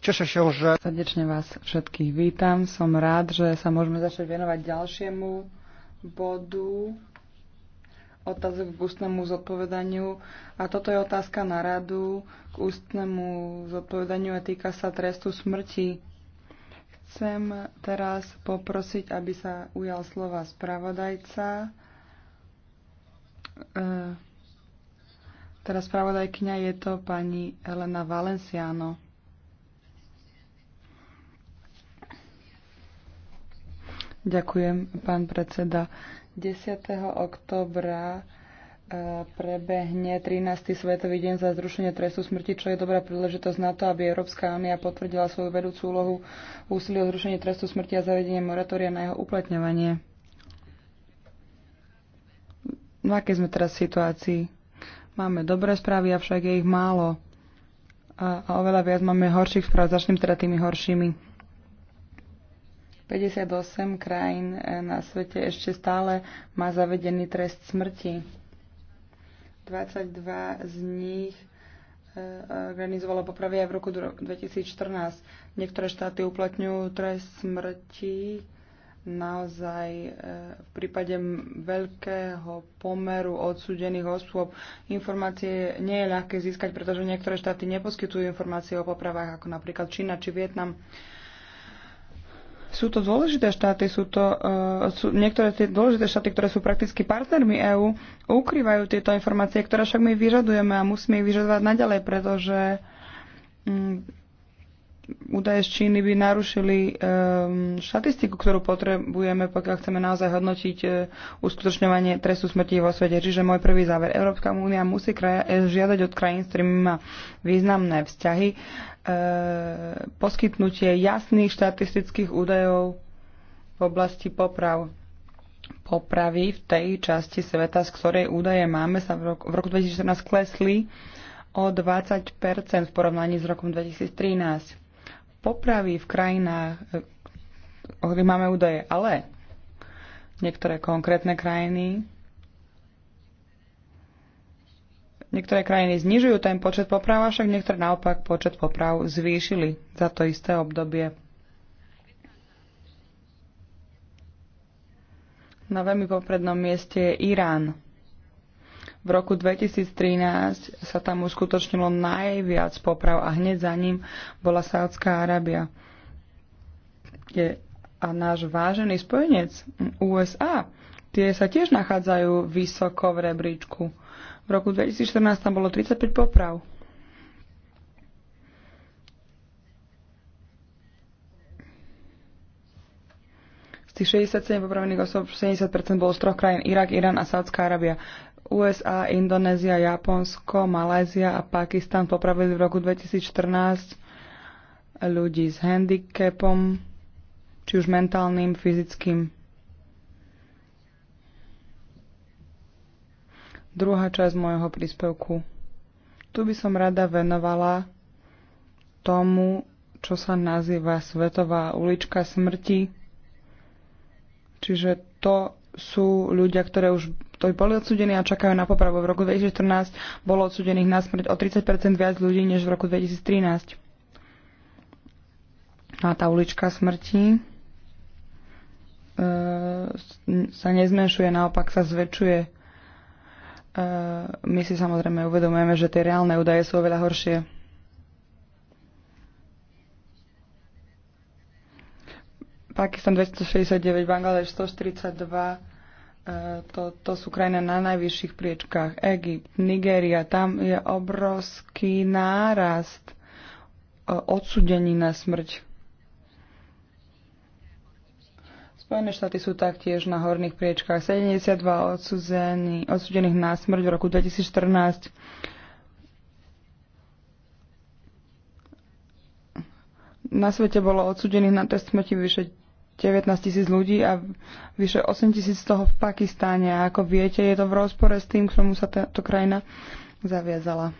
Češa Srdečne vás všetkých vítam. Som rád, že sa môžeme začať venovať ďalšiemu bodu otázok k ústnemu zodpovedaniu. A toto je otázka na radu k ústnemu zodpovedaniu a týka sa trestu smrti. Chcem teraz poprosiť, aby sa ujal slova spravodajca. E, teraz spravodajkňa je to pani Elena Valenciano. Ďakujem, pán predseda. 10. oktobra e, prebehne 13. svetový deň za zrušenie trestu smrti, čo je dobrá príležitosť na to, aby Európska únia potvrdila svoju vedúcu úlohu úsilí o zrušenie trestu smrti a zavedenie moratória na jeho uplatňovanie. V no akej sme teraz situácii? Máme dobré správy, avšak je ich málo. A, a oveľa viac máme horších správ, začnem teda tými horšími 58 krajín eh, na svete ešte stále má zavedený trest smrti. 22 z nich eh, organizovalo popravy aj v roku 2014. Niektoré štáty uplatňujú trest smrti naozaj eh, v prípade veľkého pomeru odsúdených osôb. Informácie nie je ľahké získať, pretože niektoré štáty neposkytujú informácie o popravách, ako napríklad Čína či Vietnam. Sú to dôležité štáty, sú to uh, sú niektoré tie dôležité štáty, ktoré sú prakticky partnermi EÚ, ukrývajú tieto informácie, ktoré však my vyžadujeme a musíme ich vyžadovať naďalej, pretože um, údaje z Číny by narušili um, štatistiku, ktorú potrebujeme, pokiaľ chceme naozaj hodnotiť uh, uskutočňovanie trestu smrti vo svete. Čiže môj prvý záver. Európska únia musí kraja, žiadať od krajín, s ktorými má významné vzťahy, E, poskytnutie jasných štatistických údajov v oblasti poprav. Popravy v tej časti sveta, z ktorej údaje máme, sa v roku, v roku 2014 klesli o 20 v porovnaní s rokom 2013. Popravy v krajinách, e, o ktorých máme údaje, ale niektoré konkrétne krajiny Niektoré krajiny znižujú ten počet poprav, avšak niektoré naopak počet poprav zvýšili za to isté obdobie. Na veľmi poprednom mieste je Irán. V roku 2013 sa tam uskutočnilo najviac poprav a hneď za ním bola Sádzka Arábia. Je a náš vážený spojenec USA, tie sa tiež nachádzajú vysoko v rebríčku v roku 2014 tam bolo 35 poprav. Z tých 67 popravených osob 70% bolo z troch krajín Irak, Irán a Saudská Arábia. USA, Indonézia, Japonsko, Malézia a Pakistan popravili v roku 2014 ľudí s handicapom, či už mentálnym, fyzickým. druhá časť môjho príspevku. Tu by som rada venovala tomu, čo sa nazýva Svetová ulička smrti. Čiže to sú ľudia, ktoré už to boli odsudení a čakajú na popravu. V roku 2014 bolo odsudených na smrť o 30 viac ľudí než v roku 2013. No a tá ulička smrti e, sa nezmenšuje, naopak sa zväčšuje E, my si samozrejme uvedomujeme, že tie reálne údaje sú oveľa horšie. Pakistan 269, Bangladeš 142, e, to, to sú krajiny na najvyšších priečkách. Egypt, Nigéria, tam je obrovský nárast e, odsudení na smrť. Spojené štáty sú taktiež na horných priečkách. 72 odsudzených, odsudených na smrť v roku 2014. Na svete bolo odsudených na trest smrti vyše 19 tisíc ľudí a vyše 8 tisíc z toho v Pakistáne. A ako viete, je to v rozpore s tým, k čomu sa táto krajina zaviazala.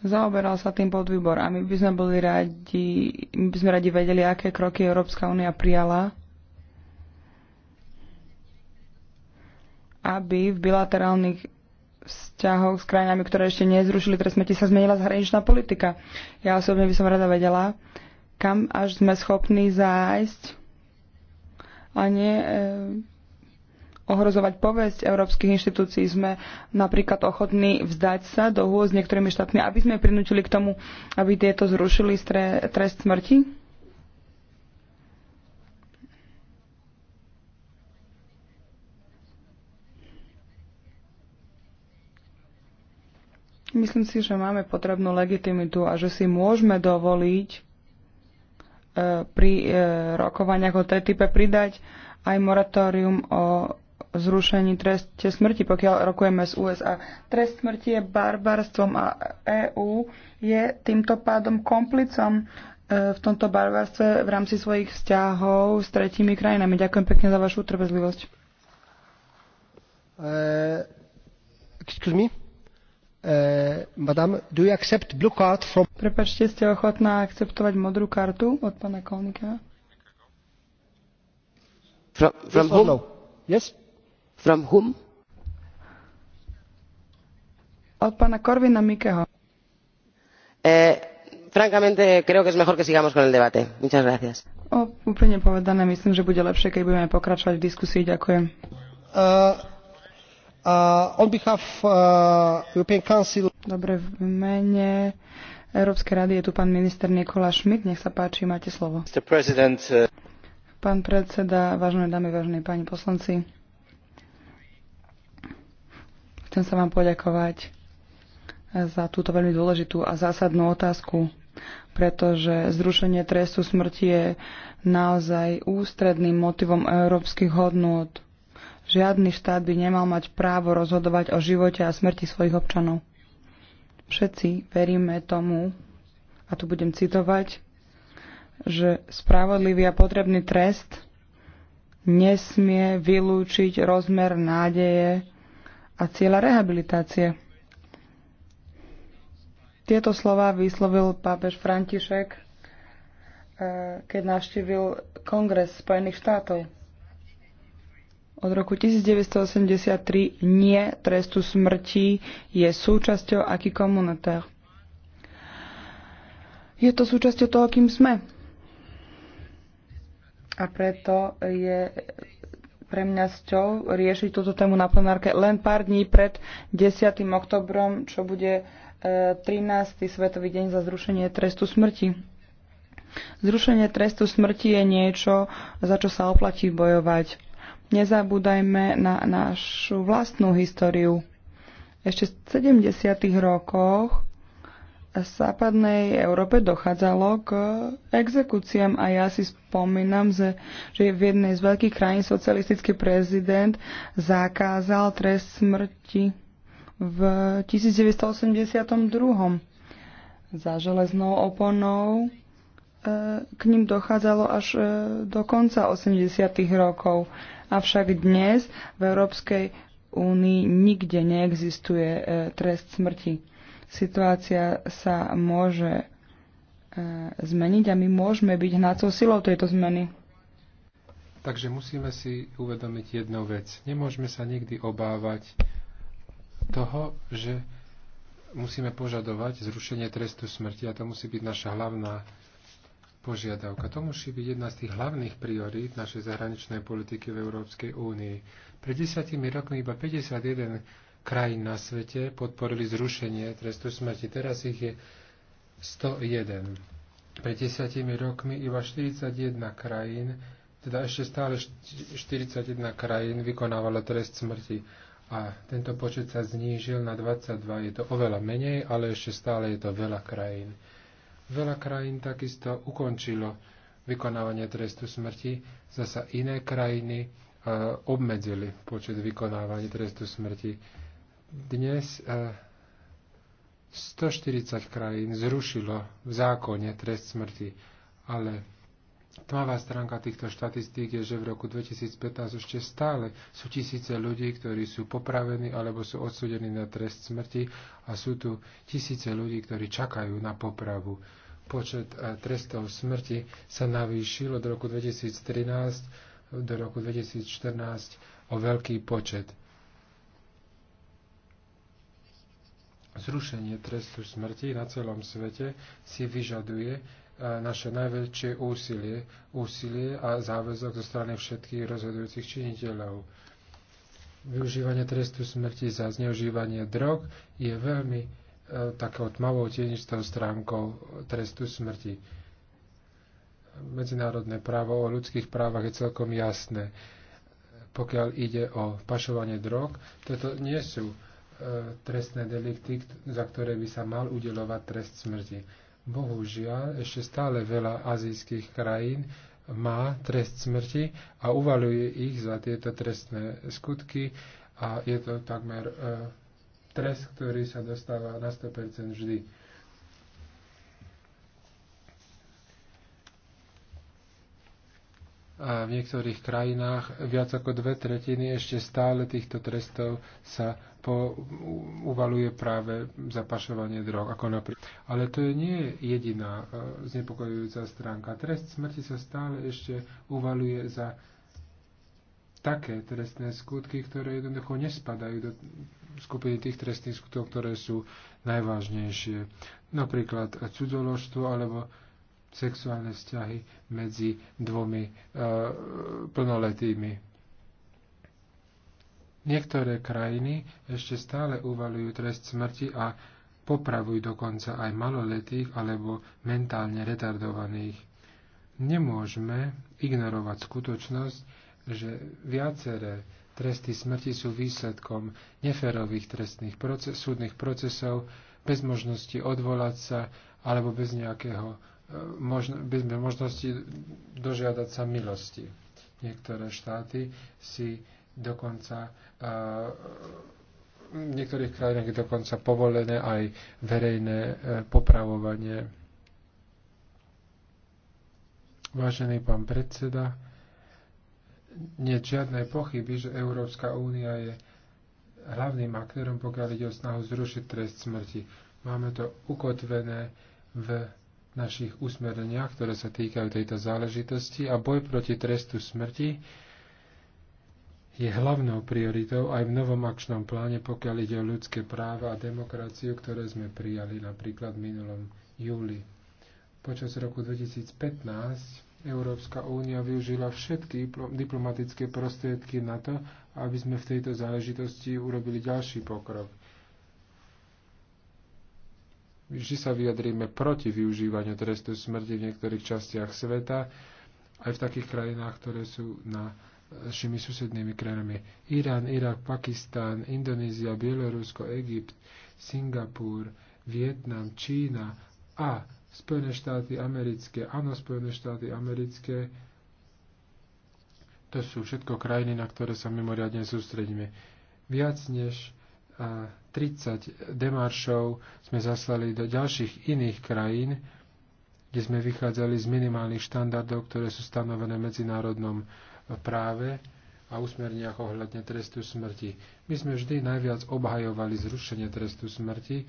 Zaoberal sa tým podvýbor a my by sme boli radi, my by sme radi vedeli, aké kroky Európska únia prijala, aby v bilaterálnych vzťahoch s krajinami, ktoré ešte nezrušili trest smrti, sa zmenila zahraničná politika. Ja osobne by som rada vedela, kam až sme schopní zájsť a nie e, ohrozovať povesť európskych inštitúcií. Sme napríklad ochotní vzdať sa do hôz s niektorými štátmi, aby sme prinútili k tomu, aby tieto zrušili trest smrti? Myslím si, že máme potrebnú legitimitu a že si môžeme dovoliť e, pri e, rokovaniach o TTIP pridať aj moratórium o zrušení treste smrti, pokiaľ rokujeme z USA. Trest smrti je barbarstvom a EÚ je týmto pádom komplicom e, v tomto barbarstve v rámci svojich vzťahov s tretími krajinami. Ďakujem pekne za vašu trpezlivosť. E, excuse me? Uh, madame, do you accept blue card from... Prepačte, ste ochotná akceptovať modrú kartu od pána Kolnika? From, from yes, whom? No? Yes? From whom? Od pana Korvina Mikeho. Eh, francamente, creo que es mejor que sigamos con el debate. Muchas gracias. O, úplne povedané, myslím, že bude lepšie, keď budeme pokračovať v diskusii. Ďakujem. Uh, uh, on behalf uh, European Council... Dobre, v mene Európskej rady je tu pán minister Nikola Schmidt. Nech sa páči, máte slovo. Mr. President, uh... Pán predseda, vážne dámy, vážne páni poslanci Chcem sa vám poďakovať za túto veľmi dôležitú a zásadnú otázku, pretože zrušenie trestu smrti je naozaj ústredným motivom európskych hodnôt. Žiadny štát by nemal mať právo rozhodovať o živote a smrti svojich občanov. Všetci veríme tomu, a tu budem citovať, že spravodlivý a potrebný trest nesmie vylúčiť rozmer nádeje a cieľa rehabilitácie. Tieto slova vyslovil pápež František, e, keď navštívil Kongres Spojených štátov. Od roku 1983 nie trestu smrti je súčasťou aký komunitár. Je to súčasťou toho, kým sme. A preto je pre mňa sťou riešiť túto tému na plenárke len pár dní pred 10. oktobrom, čo bude 13. E, svetový deň za zrušenie trestu smrti. Zrušenie trestu smrti je niečo, za čo sa oplatí bojovať. Nezabúdajme na našu vlastnú históriu. Ešte v 70. rokoch západnej Európe dochádzalo k exekúciám a ja si spomínam, že, že v jednej z veľkých krajín socialistický prezident zakázal trest smrti v 1982. Za železnou oponou e, k ním dochádzalo až e, do konca 80. rokov. Avšak dnes v Európskej únii nikde neexistuje e, trest smrti. Situácia sa môže e, zmeniť a my môžeme byť hnacou silou tejto zmeny. Takže musíme si uvedomiť jednu vec. Nemôžeme sa nikdy obávať toho, že musíme požadovať zrušenie trestu smrti a to musí byť naša hlavná požiadavka. To musí byť jedna z tých hlavných priorít našej zahraničnej politiky v Európskej únii. Pred desiatimi rokmi iba 51 krajín na svete podporili zrušenie trestu smrti. Teraz ich je 101. Pred desiatimi rokmi iba 41 krajín, teda ešte stále 41 krajín vykonávalo trest smrti. A tento počet sa znížil na 22. Je to oveľa menej, ale ešte stále je to veľa krajín. Veľa krajín takisto ukončilo vykonávanie trestu smrti, zasa iné krajiny eh, obmedzili počet vykonávania trestu smrti. Dnes 140 e, krajín zrušilo v zákone trest smrti, ale tmavá stránka týchto štatistík je, že v roku 2015 ešte stále sú tisíce ľudí, ktorí sú popravení alebo sú odsudení na trest smrti a sú tu tisíce ľudí, ktorí čakajú na popravu. Počet e, trestov smrti sa navýšil od roku 2013 do roku 2014 o veľký počet. zrušenie trestu smrti na celom svete si vyžaduje e, naše najväčšie úsilie, úsilie a záväzok zo strany všetkých rozhodujúcich činiteľov. Využívanie trestu smrti za zneužívanie drog je veľmi e, takou tmavou tienistou stránkou trestu smrti. Medzinárodné právo o ľudských právach je celkom jasné. Pokiaľ ide o pašovanie drog, toto nie sú E, trestné delikty, za ktoré by sa mal udelovať trest smrti. Bohužiaľ, ešte stále veľa azijských krajín má trest smrti a uvaluje ich za tieto trestné skutky a je to takmer e, trest, ktorý sa dostáva na 100% vždy. a v niektorých krajinách viac ako dve tretiny ešte stále týchto trestov sa po, uvaluje práve za pašovanie drog. Ako Ale to je nie jediná e, znepokojujúca stránka. Trest smrti sa stále ešte uvaluje za také trestné skutky, ktoré jednoducho nespadajú do skupiny tých trestných skutkov, ktoré sú najvážnejšie. Napríklad cudzoložstvo alebo sexuálne vzťahy medzi dvomi e, plnoletými. Niektoré krajiny ešte stále uvalujú trest smrti a popravujú dokonca aj maloletých alebo mentálne retardovaných. Nemôžeme ignorovať skutočnosť, že viaceré tresty smrti sú výsledkom neférových trestných proces, súdnych procesov bez možnosti odvolať sa alebo bez nejakého možno, sme možnosti dožiadať sa milosti. Niektoré štáty si dokonca v niektorých krajinách je dokonca povolené aj verejné e, popravovanie. Vážený pán predseda, nie žiadnej pochyby, že Európska únia je hlavným aktérom, pokiaľ ide o snahu zrušiť trest smrti. Máme to ukotvené v našich usmereniach, ktoré sa týkajú tejto záležitosti a boj proti trestu smrti je hlavnou prioritou aj v novom akčnom pláne, pokiaľ ide o ľudské práva a demokraciu, ktoré sme prijali napríklad v minulom júli. Počas roku 2015 Európska únia využila všetky diplomatické prostriedky na to, aby sme v tejto záležitosti urobili ďalší pokrok vždy sa vyjadríme proti využívaniu trestu smrti v niektorých častiach sveta, aj v takých krajinách, ktoré sú na našimi susednými krajinami. Irán, Irak, Pakistán, Indonézia, Bielorusko, Egypt, Singapur, Vietnam, Čína a Spojené štáty americké. Áno, Spojené štáty americké. To sú všetko krajiny, na ktoré sa mimoriadne sústredíme. Viac než 30 demaršov sme zaslali do ďalších iných krajín, kde sme vychádzali z minimálnych štandardov, ktoré sú stanovené v medzinárodnom práve a usmerniach ohľadne trestu smrti. My sme vždy najviac obhajovali zrušenie trestu smrti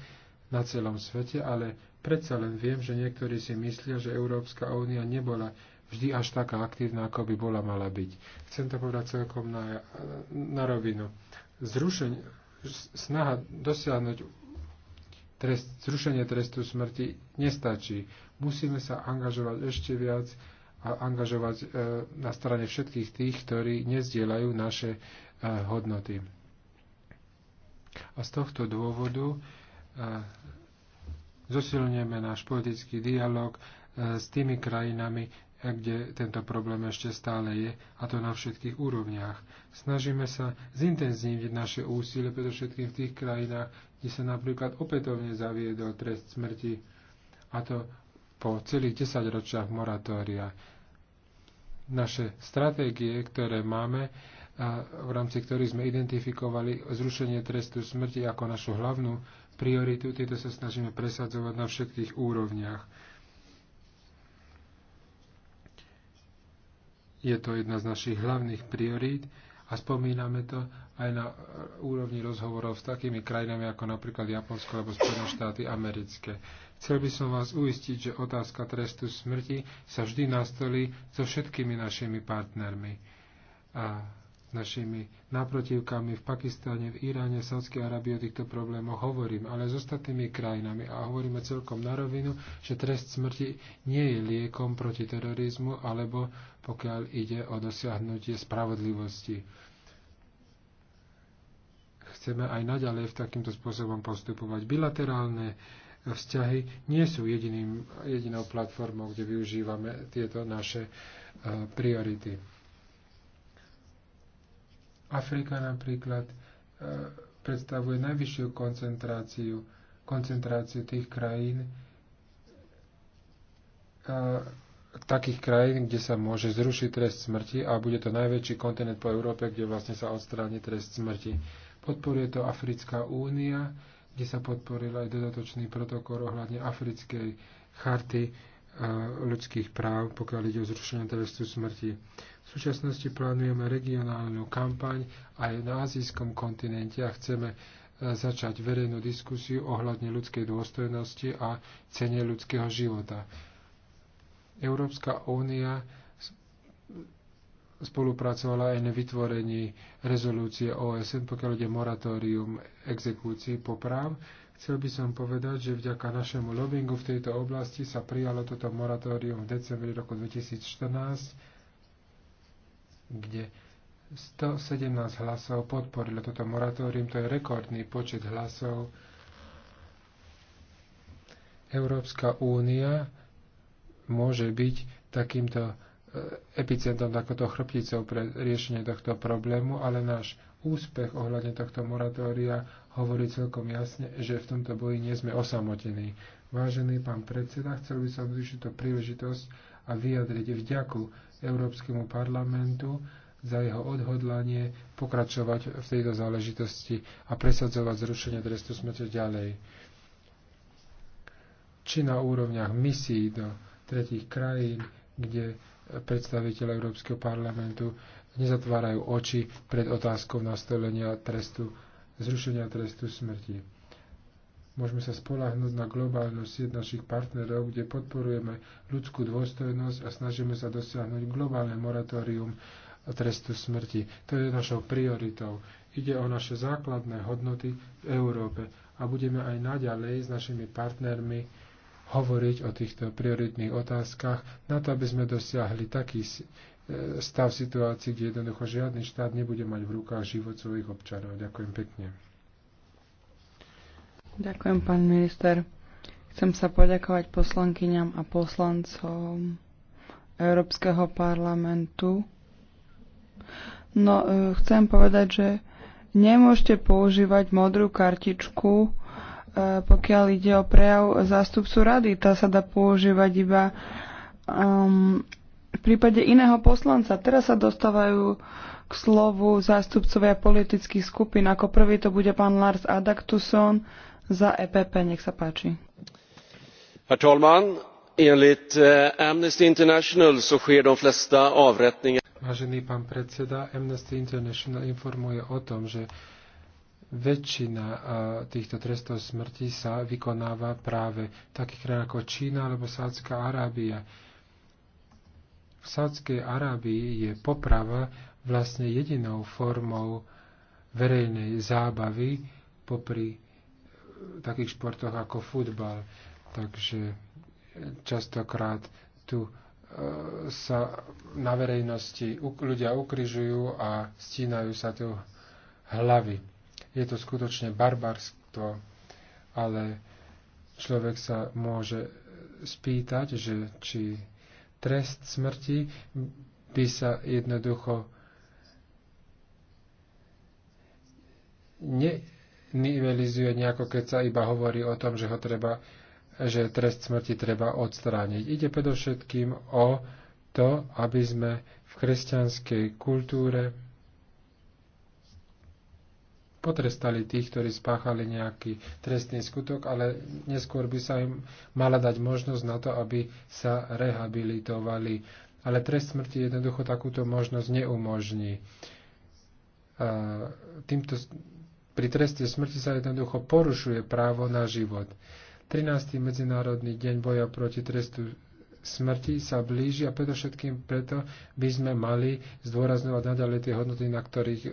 na celom svete, ale predsa len viem, že niektorí si myslia, že Európska únia nebola vždy až taká aktívna, ako by bola mala byť. Chcem to povedať celkom na, na rovinu. Zrušenie, snaha dosiahnuť trest, zrušenie trestu smrti nestačí. Musíme sa angažovať ešte viac a angažovať e, na strane všetkých tých, ktorí nezdielajú naše e, hodnoty. A z tohto dôvodu e, zosilňujeme náš politický dialog e, s tými krajinami, kde tento problém ešte stále je, a to na všetkých úrovniach. Snažíme sa zintenzívniť naše úsilie, predovšetkým v tých krajinách, kde sa napríklad opätovne zaviedol trest smrti, a to po celých 10 ročiach moratória. Naše stratégie, ktoré máme, a v rámci ktorých sme identifikovali zrušenie trestu smrti ako našu hlavnú prioritu, tieto sa snažíme presadzovať na všetkých úrovniach Je to jedna z našich hlavných priorít a spomíname to aj na úrovni rozhovorov s takými krajinami ako napríklad Japonsko alebo Spojené štáty americké. Chcel by som vás uistiť, že otázka trestu smrti sa vždy nastolí so všetkými našimi partnermi. A našimi naprotivkami v Pakistane, v Iráne, v Sádskej Arabii o týchto problémoch hovorím, ale s ostatnými krajinami a hovoríme celkom na rovinu, že trest smrti nie je liekom proti terorizmu alebo pokiaľ ide o dosiahnutie spravodlivosti. Chceme aj naďalej v takýmto spôsobom postupovať. Bilaterálne vzťahy nie sú jediným, jedinou platformou, kde využívame tieto naše eh, priority. Afrika napríklad e, predstavuje najvyššiu koncentráciu, koncentráciu tých krajín, e, takých krajín, kde sa môže zrušiť trest smrti a bude to najväčší kontinent po Európe, kde vlastne sa odstráni trest smrti. Podporuje to Africká únia, kde sa podporil aj dodatočný protokol ohľadne africkej charty ľudských práv, pokiaľ ide o zrušenie trestu smrti. V súčasnosti plánujeme regionálnu kampaň aj na azijskom kontinente a chceme e, začať verejnú diskusiu ohľadne ľudskej dôstojnosti a cene ľudského života. Európska únia spolupracovala aj na vytvorení rezolúcie OSN, pokiaľ ide moratórium exekúcií popráv. práv Chcel by som povedať, že vďaka našemu lobingu v tejto oblasti sa prijalo toto moratórium v decembri roku 2014, kde 117 hlasov podporilo toto moratórium. To je rekordný počet hlasov. Európska únia môže byť takýmto eh, epicentrom, takouto chrbticou pre riešenie tohto problému, ale náš úspech ohľadne tohto moratória hovorí celkom jasne, že v tomto boji nie sme osamotení. Vážený pán predseda, chcel by som využiť túto príležitosť a vyjadriť vďaku Európskemu parlamentu za jeho odhodlanie pokračovať v tejto záležitosti a presadzovať zrušenie trestu smrti ďalej. Či na úrovniach misií do tretich krajín, kde predstaviteľ Európskeho parlamentu nezatvárajú oči pred otázkou nastolenia trestu, zrušenia trestu smrti. Môžeme sa spolahnúť na globálnu sieť našich partnerov, kde podporujeme ľudskú dôstojnosť a snažíme sa dosiahnuť globálne moratórium trestu smrti. To je našou prioritou. Ide o naše základné hodnoty v Európe a budeme aj naďalej s našimi partnermi hovoriť o týchto prioritných otázkach na to, aby sme dosiahli taký E, stav situácií, kde jednoducho žiadny štát nebude mať v rukách život svojich občanov. Ďakujem pekne. Ďakujem, pán minister. Chcem sa poďakovať poslankyňam a poslancom Európskeho parlamentu. No, e, chcem povedať, že nemôžete používať modrú kartičku, e, pokiaľ ide o prejav zástupcu rady. Tá sa dá používať iba um, v prípade iného poslanca. Teraz sa dostávajú k slovu zástupcovia politických skupín. Ako prvý to bude pán Lars Adaktusson za EPP. Nech sa páči. Herr Tolman, enligt eh, Amnesty International så sker de flesta avrättningar. Vážený pán predseda, Amnesty International informuje o tom, že väčšina eh, týchto trestov smrti sa vykonáva práve v takých krajinách ako Čína alebo Sádska Arábia v Sádskej Arábii je poprava vlastne jedinou formou verejnej zábavy popri takých športoch ako futbal. Takže častokrát tu e, sa na verejnosti ľudia ukryžujú a stínajú sa tu hlavy. Je to skutočne barbarstvo, ale človek sa môže spýtať, že či trest smrti by sa jednoducho nivelizuje nejako, keď sa iba hovorí o tom, že ho treba, že trest smrti treba odstrániť. Ide predovšetkým o to, aby sme v kresťanskej kultúre potrestali tých, ktorí spáchali nejaký trestný skutok, ale neskôr by sa im mala dať možnosť na to, aby sa rehabilitovali. Ale trest smrti jednoducho takúto možnosť neumožní. Týmto, pri treste smrti sa jednoducho porušuje právo na život. 13. Medzinárodný deň boja proti trestu smrti sa blíži a predovšetkým preto by sme mali zdôrazňovať naďalej tie hodnoty, na ktorých e,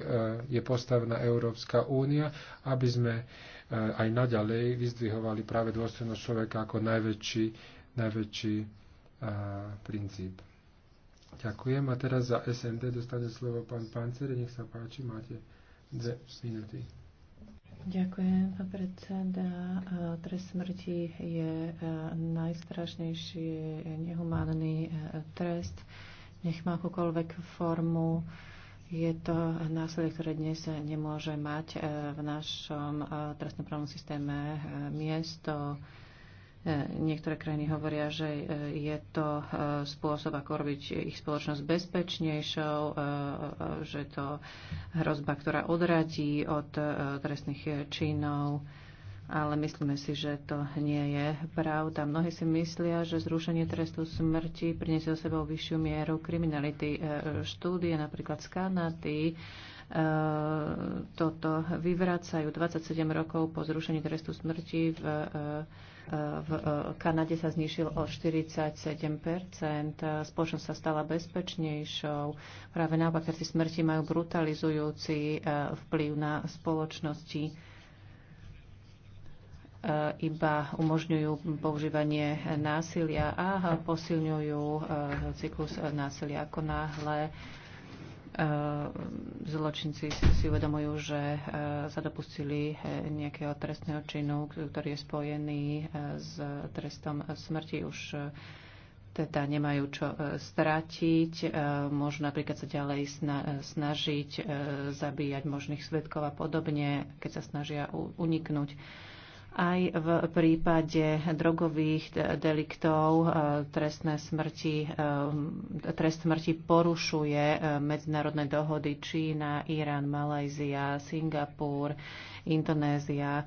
je postavená Európska únia, aby sme e, aj naďalej vyzdvihovali práve dôstojnosť človeka ako najväčší, najväčší e, princíp. Ďakujem. A teraz za SND dostane slovo pán Pancer, Nech sa páči, máte dve minúty. Ďakujem, pán predseda. Trest smrti je e, najstrašnejší nehumánny e, trest. Nech má akúkoľvek formu. Je to násilie, ktoré dnes nemôže mať e, v našom trestnoprávnom systéme miesto. E, niektoré krajiny hovoria, že e, je to e, spôsob, ako robiť ich spoločnosť bezpečnejšou, že je to hrozba, ktorá odradí od trestných činov, ale myslíme si, že to nie je pravda. Mnohí si myslia, že zrušenie trestu smrti priniesie so sebou vyššiu mieru kriminality. Štúdie napríklad z Kanady toto vyvracajú 27 rokov po zrušení trestu smrti v v e, Kanade sa znišil o 47 spoločnosť sa stala bezpečnejšou. Práve naopak, tresty smrti majú brutalizujúci e, vplyv na spoločnosti e, iba umožňujú používanie násilia a posilňujú cyklus násilia ako náhle Eh, zločinci si uvedomujú, že eh, sa dopustili eh, nejakého trestného činu, ktorý je spojený s trestom smrti. Už teda nemajú čo strátiť, môžu napríklad sa ďalej snažiť zabíjať možných svetkov a podobne, keď sa snažia uniknúť aj v prípade drogových deliktov e, trestné smrti, e, trest smrti porušuje e, medzinárodné dohody Čína, Irán, Malajzia, Singapur, Indonézia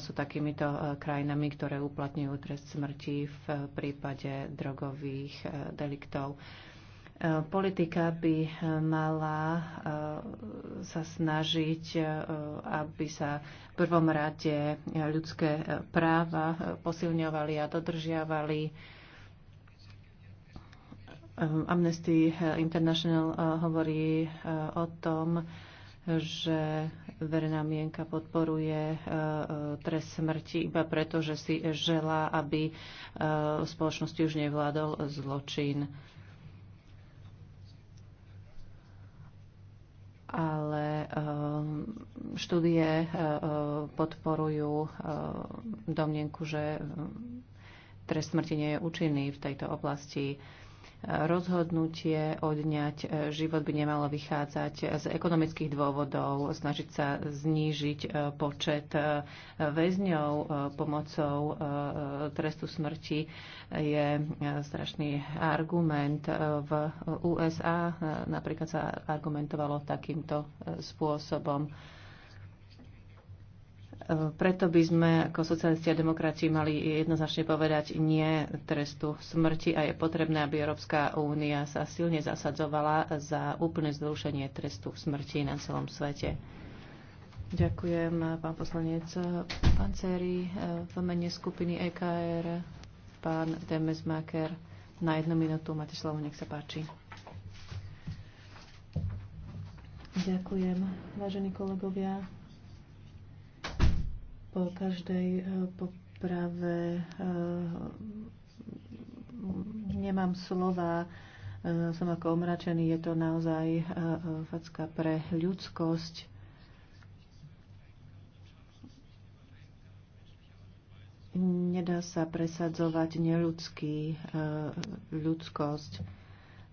sú takýmito krajinami, ktoré uplatňujú trest smrti v prípade drogových deliktov. Politika by eh, mala eh, sa snažiť, eh, aby sa v prvom rade ľudské práva posilňovali a dodržiavali. Amnesty International hovorí o tom, že verejná mienka podporuje trest smrti iba preto, že si želá, aby v spoločnosti už nevládol zločin. ale ehm, štúdie e, e, podporujú e, domnenku, že ehm, trest smrti nie je účinný v tejto oblasti rozhodnutie odňať e, život by nemalo vychádzať z ekonomických dôvodov, snažiť sa znížiť e, počet e, väzňov pomocou trestu smrti je strašný argument. V USA napríklad sa argumentovalo takýmto spôsobom. Preto by sme ako socialisti a demokrati mali jednoznačne povedať nie trestu smrti a je potrebné, aby Európska únia sa silne zasadzovala za úplné zrušenie trestu smrti na celom svete. Ďakujem, pán poslanec Panceri. V mene skupiny EKR pán Demesmaker na jednu minútu. Máte slovo, nech sa páči. Ďakujem, vážení kolegovia po každej eh, poprave eh, nemám slova, eh, som ako omračený, je to naozaj facka pre ľudskosť. Nedá sa presadzovať neľudský, ľudskosť.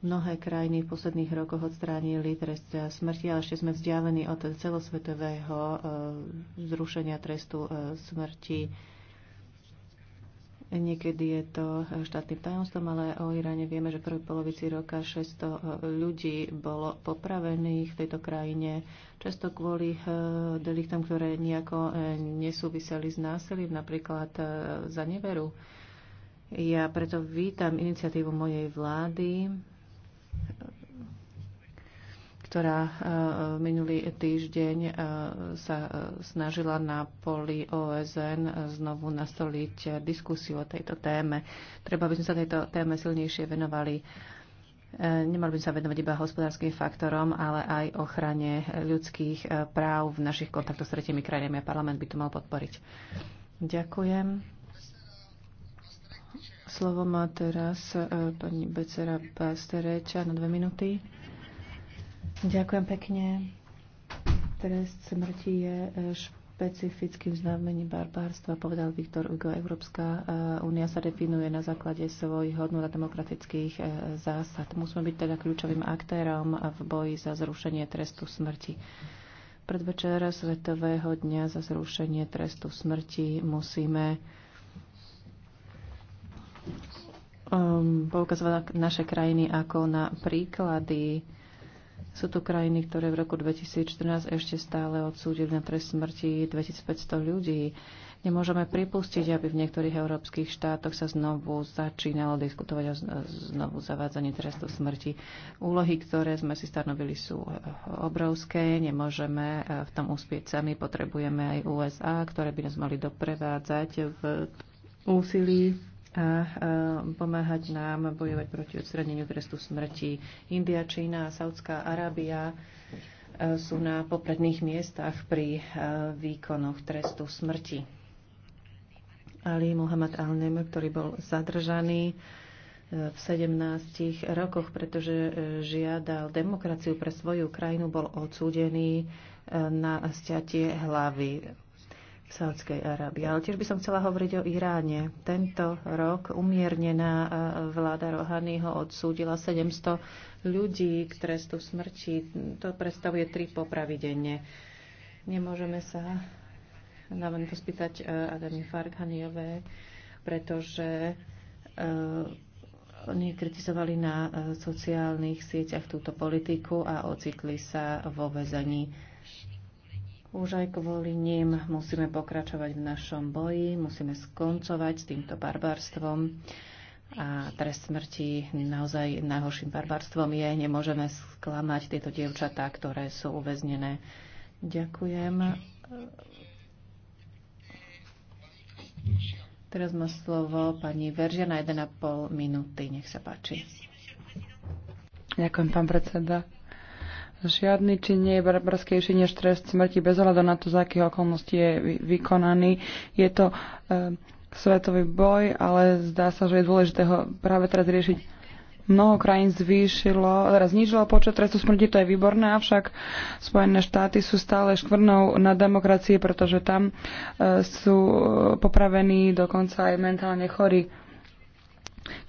Mnohé krajiny v posledných rokoch odstránili trest smrti, ale ešte sme vzdialení od celosvetového eh, zrušenia trestu eh, smrti. Niekedy je to eh, štátnym tajomstvom, ale o Iráne vieme, že v prvej polovici roka 600 ľudí bolo popravených v tejto krajine, často kvôli deliktom, ktoré nejako nesúviseli s násilím, napríklad za neveru. Ja preto vítam iniciatívu mojej vlády, ktorá e, minulý týždeň e, sa e, snažila na poli OSN znovu nastoliť diskusiu o tejto téme. Treba by sme sa tejto téme silnejšie venovali. Nemali by sa venovať iba hospodárskym faktorom, ale aj ochrane ľudských práv v našich kontaktoch s tretimi krajinami a parlament by to mal podporiť. Ďakujem. Slovo má teraz pani Becera Pastereča na dve minúty. Ďakujem pekne. Trest smrti je e, špecifickým znamením barbárstva, povedal Viktor Ugo, Európska e, únia sa definuje na základe svojich hodnot a demokratických e, zásad. Musíme byť teda kľúčovým aktérom v boji za zrušenie trestu smrti. Predvečer Svetového dňa za zrušenie trestu smrti musíme um, poukazovať naše krajiny ako na príklady sú tu krajiny, ktoré v roku 2014 ešte stále odsúdili na trest smrti 2500 ľudí. Nemôžeme pripustiť, aby v niektorých európskych štátoch sa znovu začínalo diskutovať o znovu zavádzanie trestu smrti. Úlohy, ktoré sme si stanovili, sú eh, obrovské. Nemôžeme eh, v tom uspieť sami. Potrebujeme aj USA, ktoré by nás mali doprevádzať v úsilí a pomáhať nám bojovať proti odstraneniu trestu smrti. India, Čína a Saudská Arábia sú na popredných miestach pri výkonoch trestu smrti. Ali Muhammad Al-Nem, ktorý bol zadržaný v 17 rokoch, pretože e, žiadal demokraciu pre svoju krajinu, bol odsúdený e, na stiatie hlavy v Sádskej Arábie. Ale tiež by som chcela hovoriť o Iráne. Tento rok umiernená e, vláda Rohanyho odsúdila 700 ľudí k trestu smrti. To predstavuje tri popravy denne. Nemôžeme sa na len pospýtať e, Adami Farghaniové, pretože e, oni kritizovali na sociálnych sieťach túto politiku a ocitli sa vo väzení. Už aj kvôli ním musíme pokračovať v našom boji, musíme skoncovať s týmto barbarstvom. A trest smrti naozaj najhorším barbarstvom je. Nemôžeme sklamať tieto dievčatá, ktoré sú uväznené. Ďakujem. Teraz má slovo pani Veržia na 1,5 minúty. Nech sa páči. Ďakujem, pán predseda. Žiadny čin nie je barbarskejší než trest smrti bez ohľadu na to, za akých okolností je vykonaný. Je to e, svetový boj, ale zdá sa, že je dôležité ho práve teraz riešiť. Mnoho krajín zvýšilo, teraz znižilo počet trestu smrti, to je výborné, avšak Spojené štáty sú stále škvrnou na demokracii, pretože tam e, sú eh, popravení dokonca aj mentálne chorí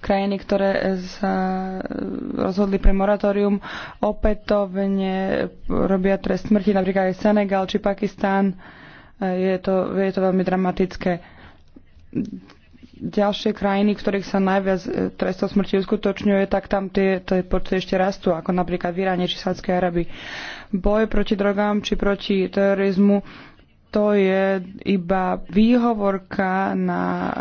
krajiny, ktoré e, sa e, rozhodli pre moratórium, opätovne robia trest smrti, napríklad aj Senegal či Pakistán. E, je to, je to veľmi dramatické. Ďalšie krajiny, v ktorých sa najviac trestov smrti uskutočňuje, tak tam tie, tie počty ešte rastú, ako napríklad v Iráne či Sádskej Arabii. Boj proti drogám či proti terorizmu to je iba výhovorka na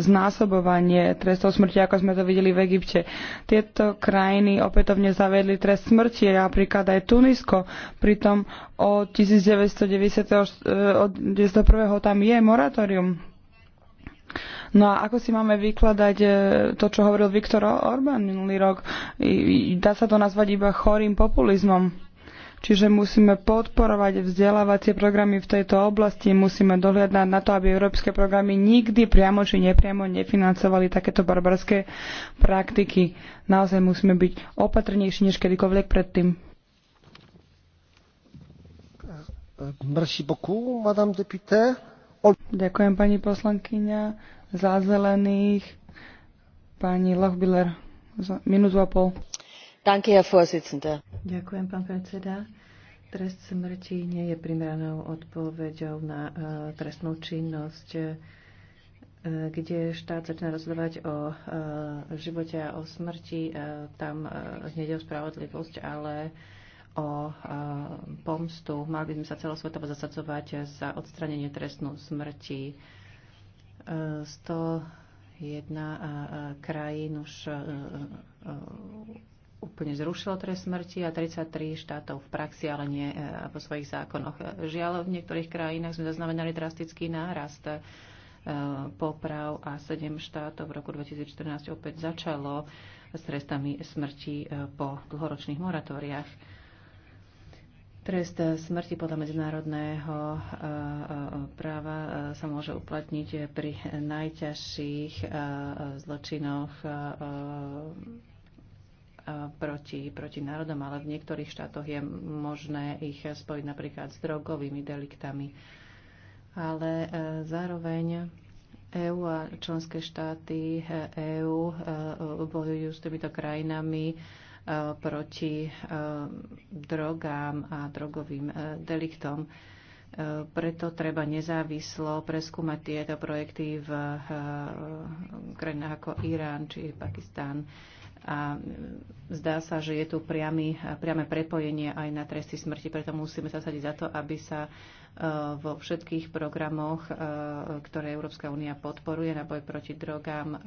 znásobovanie trestov smrti, ako sme to videli v Egypte. Tieto krajiny opätovne zavedli trest smrti, napríklad aj Tunisko. Pritom od 1991. tam je moratórium. No a ako si máme vykladať e, to, čo hovoril Viktor Orbán minulý rok? Dá sa to nazvať iba chorým populizmom Čiže musíme podporovať vzdelávacie programy v tejto oblasti, musíme dohľadať na to, aby európske programy nikdy priamo či nepriamo nefinancovali takéto barbarské praktiky. Naozaj musíme byť opatrnejší než kedykoľvek predtým. Merci beaucoup, madame Ďakujem pani poslankyňa za zelených. Pani Lochbiller, minútu a pol. Herr Ďakujem, pán predseda. Trest smrti nie je primeranou odpoveďou na e, trestnú činnosť, e, kde štát začína rozhodovať o e, živote a o smrti. Tam nejde o spravodlivosť, ale o pomstu. Mali by sme sa celosvetovo zasadzovať za odstranenie trestnú smrti. 101 krajín už úplne zrušilo trest smrti a 33 štátov v praxi, ale nie vo e, svojich zákonoch. Žiaľ, v niektorých krajinách sme zaznamenali drastický nárast e, poprav a 7 štátov v roku 2014 opäť začalo s trestami smrti e, po dlhoročných moratóriách. Trest smrti podľa medzinárodného práva sa môže uplatniť pri najťažších zločinoch proti, proti národom, ale v niektorých štátoch je možné ich spojiť napríklad s drogovými deliktami. Ale e, zároveň EÚ a členské štáty EÚ e e, bojujú s týmito krajinami proti drogám a drogovým deliktom. Preto treba nezávislo preskúmať tieto projekty v krajinách ako Irán či Pakistán. A e, zdá sa, že je tu priamy, e, priame prepojenie aj na tresty smrti, preto musíme zasadiť za to, aby sa e, vo všetkých programoch, ktoré Európska únia podporuje na boj proti drogám,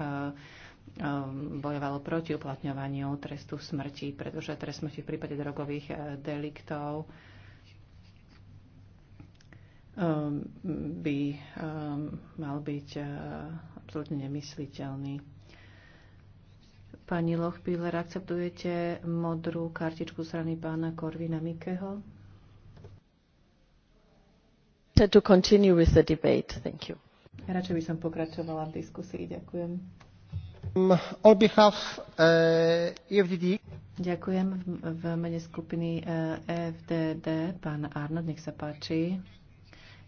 bojovalo proti uplatňovaniu trestu smrti, pretože trest smrti v prípade drogových deliktov by mal byť absolútne nemysliteľný. Pani Lochbíler, akceptujete modrú kartičku strany pána Korvina Mikeho? To continue with the debate. Thank you. Radšej by som pokračovala v diskusii. Ďakujem. Um, on behalf uh, Ďakujem. V, mene skupiny eh, FDD, pán Arnold, nech sa páči.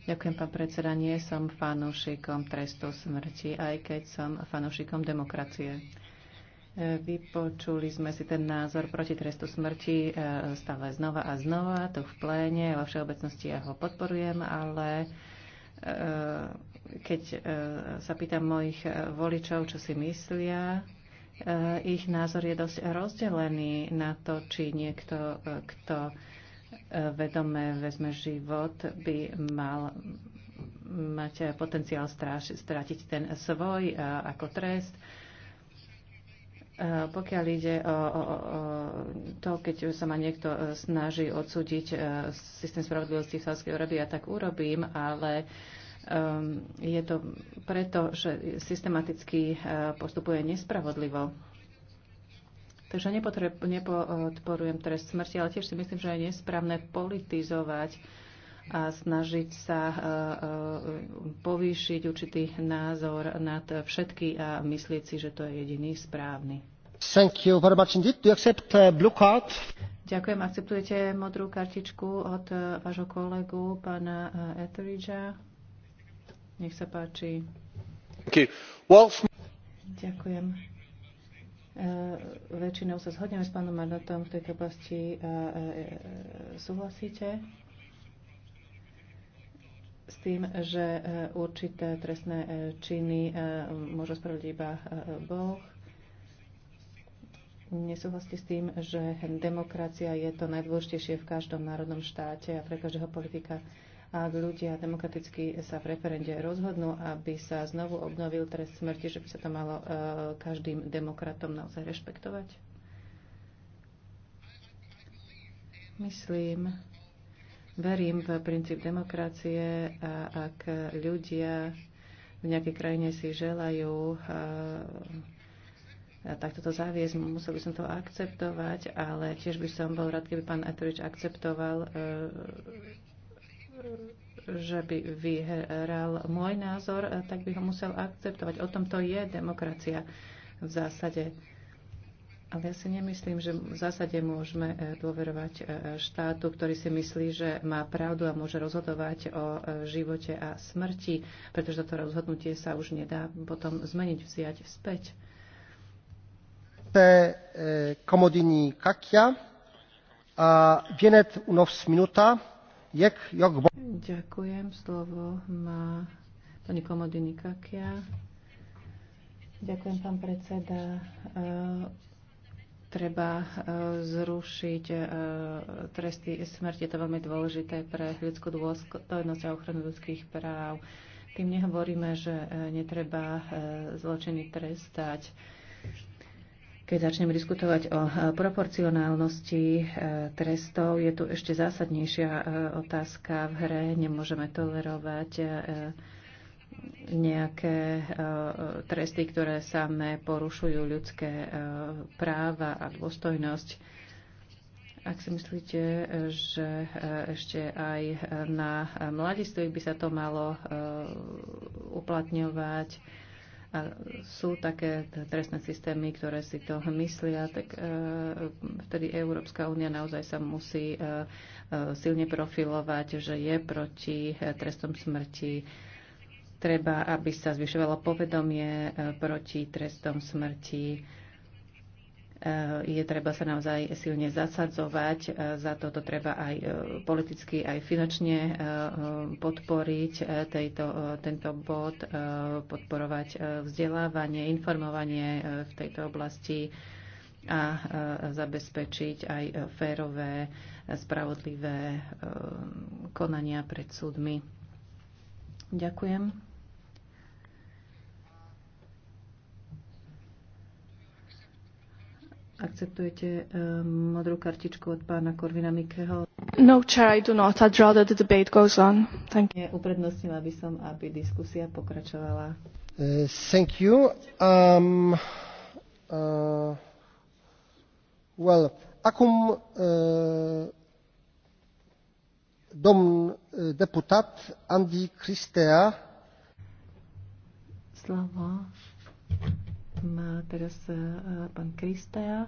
Ďakujem, pán predseda. Nie som fanúšikom trestu smrti, aj keď som fanúšikom demokracie Vypočuli sme si ten názor proti trestu smrti e, stále znova a znova, to v pléne, vo všeobecnosti ja ho podporujem, ale e, keď e, sa pýtam mojich voličov, čo si myslia, ich názor je dosť rozdelený na to, či niekto, kto vedome vezme život, by mal mať potenciál strátiť ten svoj ako trest Eh, pokiaľ ide o, o, o to, keď sa ma niekto eh, snaží odsúdiť eh, systém spravodlivosti v Sávskej Európe, ja tak urobím, ale um, je to preto, že systematicky postupuje nespravodlivo. Takže nepodporujem trest smrti, ale tiež si myslím, že je nesprávne politizovať a snažiť sa e, e, povýšiť určitý názor nad všetky a myslieť si, že to je jediný správny. Thank you very much indeed. Do you accept uh, blue card? Ďakujem. Akceptujete modrú kartičku od e, vášho kolegu, pána Etheridgea? Nech sa páči. Ďakujem. väčšinou sa zhodneme s pánom Marnotom v tejto oblasti. súhlasíte? s tým, že eh, určité trestné eh, činy eh, môže spraviť iba Boh. Nesúhlasíte s tým, že demokracia je to najdôležitejšie v každom národnom štáte a pre každého politika. Ak ľudia demokraticky sa v referende rozhodnú, aby sa znovu obnovil trest smrti, že by sa to malo každým demokratom naozaj rešpektovať? Myslím, Verím v princíp demokracie a ak ľudia v nejakej krajine si želajú eh, eh, takto to zaviesť, musel by som to akceptovať, ale tiež by som bol rád, keby pán Etrič akceptoval, eh, že by vyhral môj názor, tak by ho musel akceptovať. O tom to je demokracia v zásade. Ale ja si nemyslím, že v zásade môžeme e, dôverovať e, e, štátu, ktorý si myslí, že má pravdu a môže rozhodovať o živote a smrti, pretože toto rozhodnutie sa už nedá potom zmeniť, vziať späť. Komodini Kakia, Vienet Unovs Minuta, Jek Jok Ďakujem, slovo má pani Komodini Kakia. Ďakujem, pán predseda treba e, zrušiť e, tresty smrti. Je to veľmi dôležité pre ľudskú dôstojnosť a ochranu ľudských práv. Tým nehovoríme, že e, netreba zločiny trestať. Keď začneme diskutovať o proporcionálnosti trestov, je tu ešte zásadnejšia otázka v hre. Nemôžeme tolerovať nejaké eh, eh, tresty, ktoré samé porušujú ľudské eh, práva a dôstojnosť. Ak si myslíte, že ešte aj na mladistvých by sa to malo uplatňovať, a sú také trestné systémy, ktoré si to myslia, tak vtedy Európska únia naozaj sa musí silne profilovať, že je proti trestom smrti Treba, aby sa zvyšovalo povedomie e, proti trestom smrti. E, je treba sa naozaj silne zasadzovať. E, za toto treba aj politicky, aj finančne podporiť tejto, tento bod, podporovať vzdelávanie, informovanie v tejto oblasti a zabezpečiť aj férové, spravodlivé konania pred súdmi. Ďakujem. Akceptujete um, modrú kartičku od pána Korvina Mikého? No, Chair, I do not. I'd rather the debate goes on. Thank you. Uprednostnila by som, aby diskusia pokračovala. Uh, thank you. Um, uh, well, acum uh, domn deputat Andy Cristea. Slava má teraz e, pán Kristaja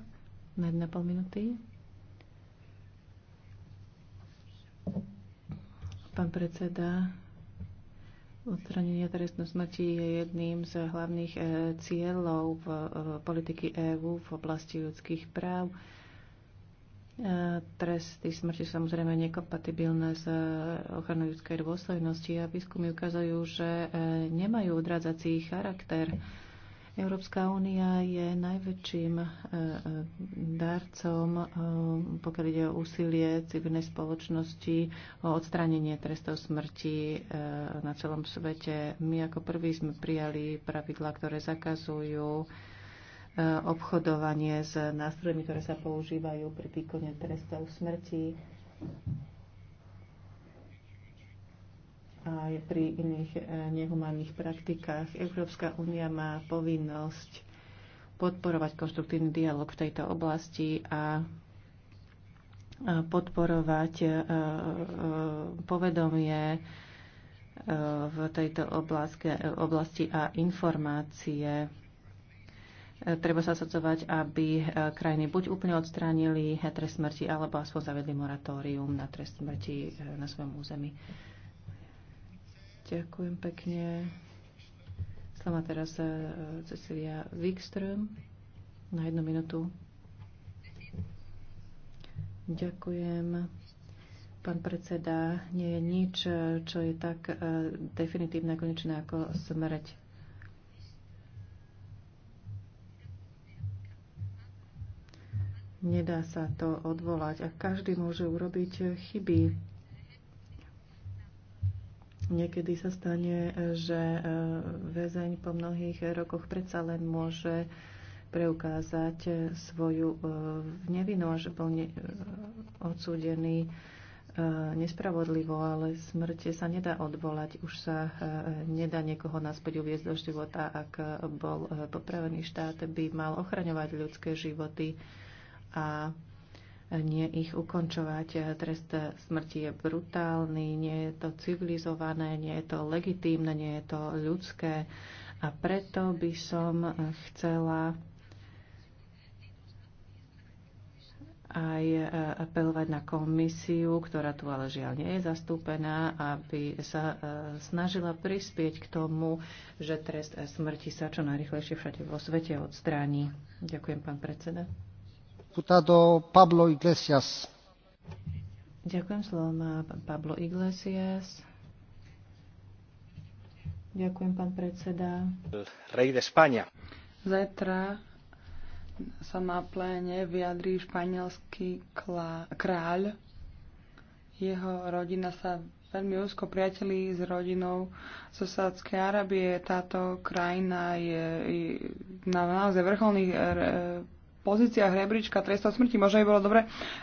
na 1,5 minúty. Pán predseda, odstranenie trestnú smrti je jedným z hlavných e, cieľov v e, politiky EÚ v oblasti ľudských práv. Tresty smrti sú samozrejme nekompatibilné s ochranou ľudskej dôstojnosti a výskumy ukazujú, že nemajú odradzací charakter. Európska únia je najväčším e, e, darcom, e, pokiaľ ide o úsilie civilnej spoločnosti o odstránenie trestov smrti na celom svete. My ako prví sme prijali pravidlá, ktoré zakazujú obchodovanie s nástrojmi, ktoré sa používajú pri výkone trestov smrti aj pri iných eh, nehumánnych praktikách. Európska únia má povinnosť podporovať konštruktívny dialog v tejto oblasti a podporovať eh, eh, povedomie v tejto oblasti, a informácie. Treba sa sadzovať, aby krajiny buď úplne odstránili trest smrti, alebo aspoň zavedli moratórium na trest smrti na svojom území. Ďakujem pekne. Slama teraz e, Cecilia Wikström na jednu minútu. Ďakujem. Pán predseda, nie je nič, čo je tak e, definitívne a konečné ako smrť. Nedá sa to odvolať a každý môže urobiť chyby Niekedy sa stane, že e, väzeň po mnohých rokoch predsa len môže preukázať e, svoju e, nevinu že bol odsúdený nespravodlivo, ale smrte sa nedá odvolať. Už sa nedá niekoho naspäť uviezť do života, ak bol popravený štát, by mal ochraňovať ľudské životy a nie ich ukončovať. Trest smrti je brutálny, nie je to civilizované, nie je to legitímne, nie je to ľudské. A preto by som chcela aj apelovať na komisiu, ktorá tu ale žiaľ nie je zastúpená, aby sa e, snažila prispieť k tomu, že trest smrti sa čo najrychlejšie všade vo svete odstráni. Ďakujem, pán predseda diputado Pablo Iglesias. Ďakujem, slovo má Pablo Iglesias. Ďakujem, pán predseda. Rej de España. Zajtra sa na pléne vyjadrí španielský kráľ. Jeho rodina sa veľmi úzko priateľí s rodinou zo Sádskej Arábie. Táto krajina je na naozaj vrcholných e, pozíciách rebríčka trestov smrti. Možno by bolo dobre,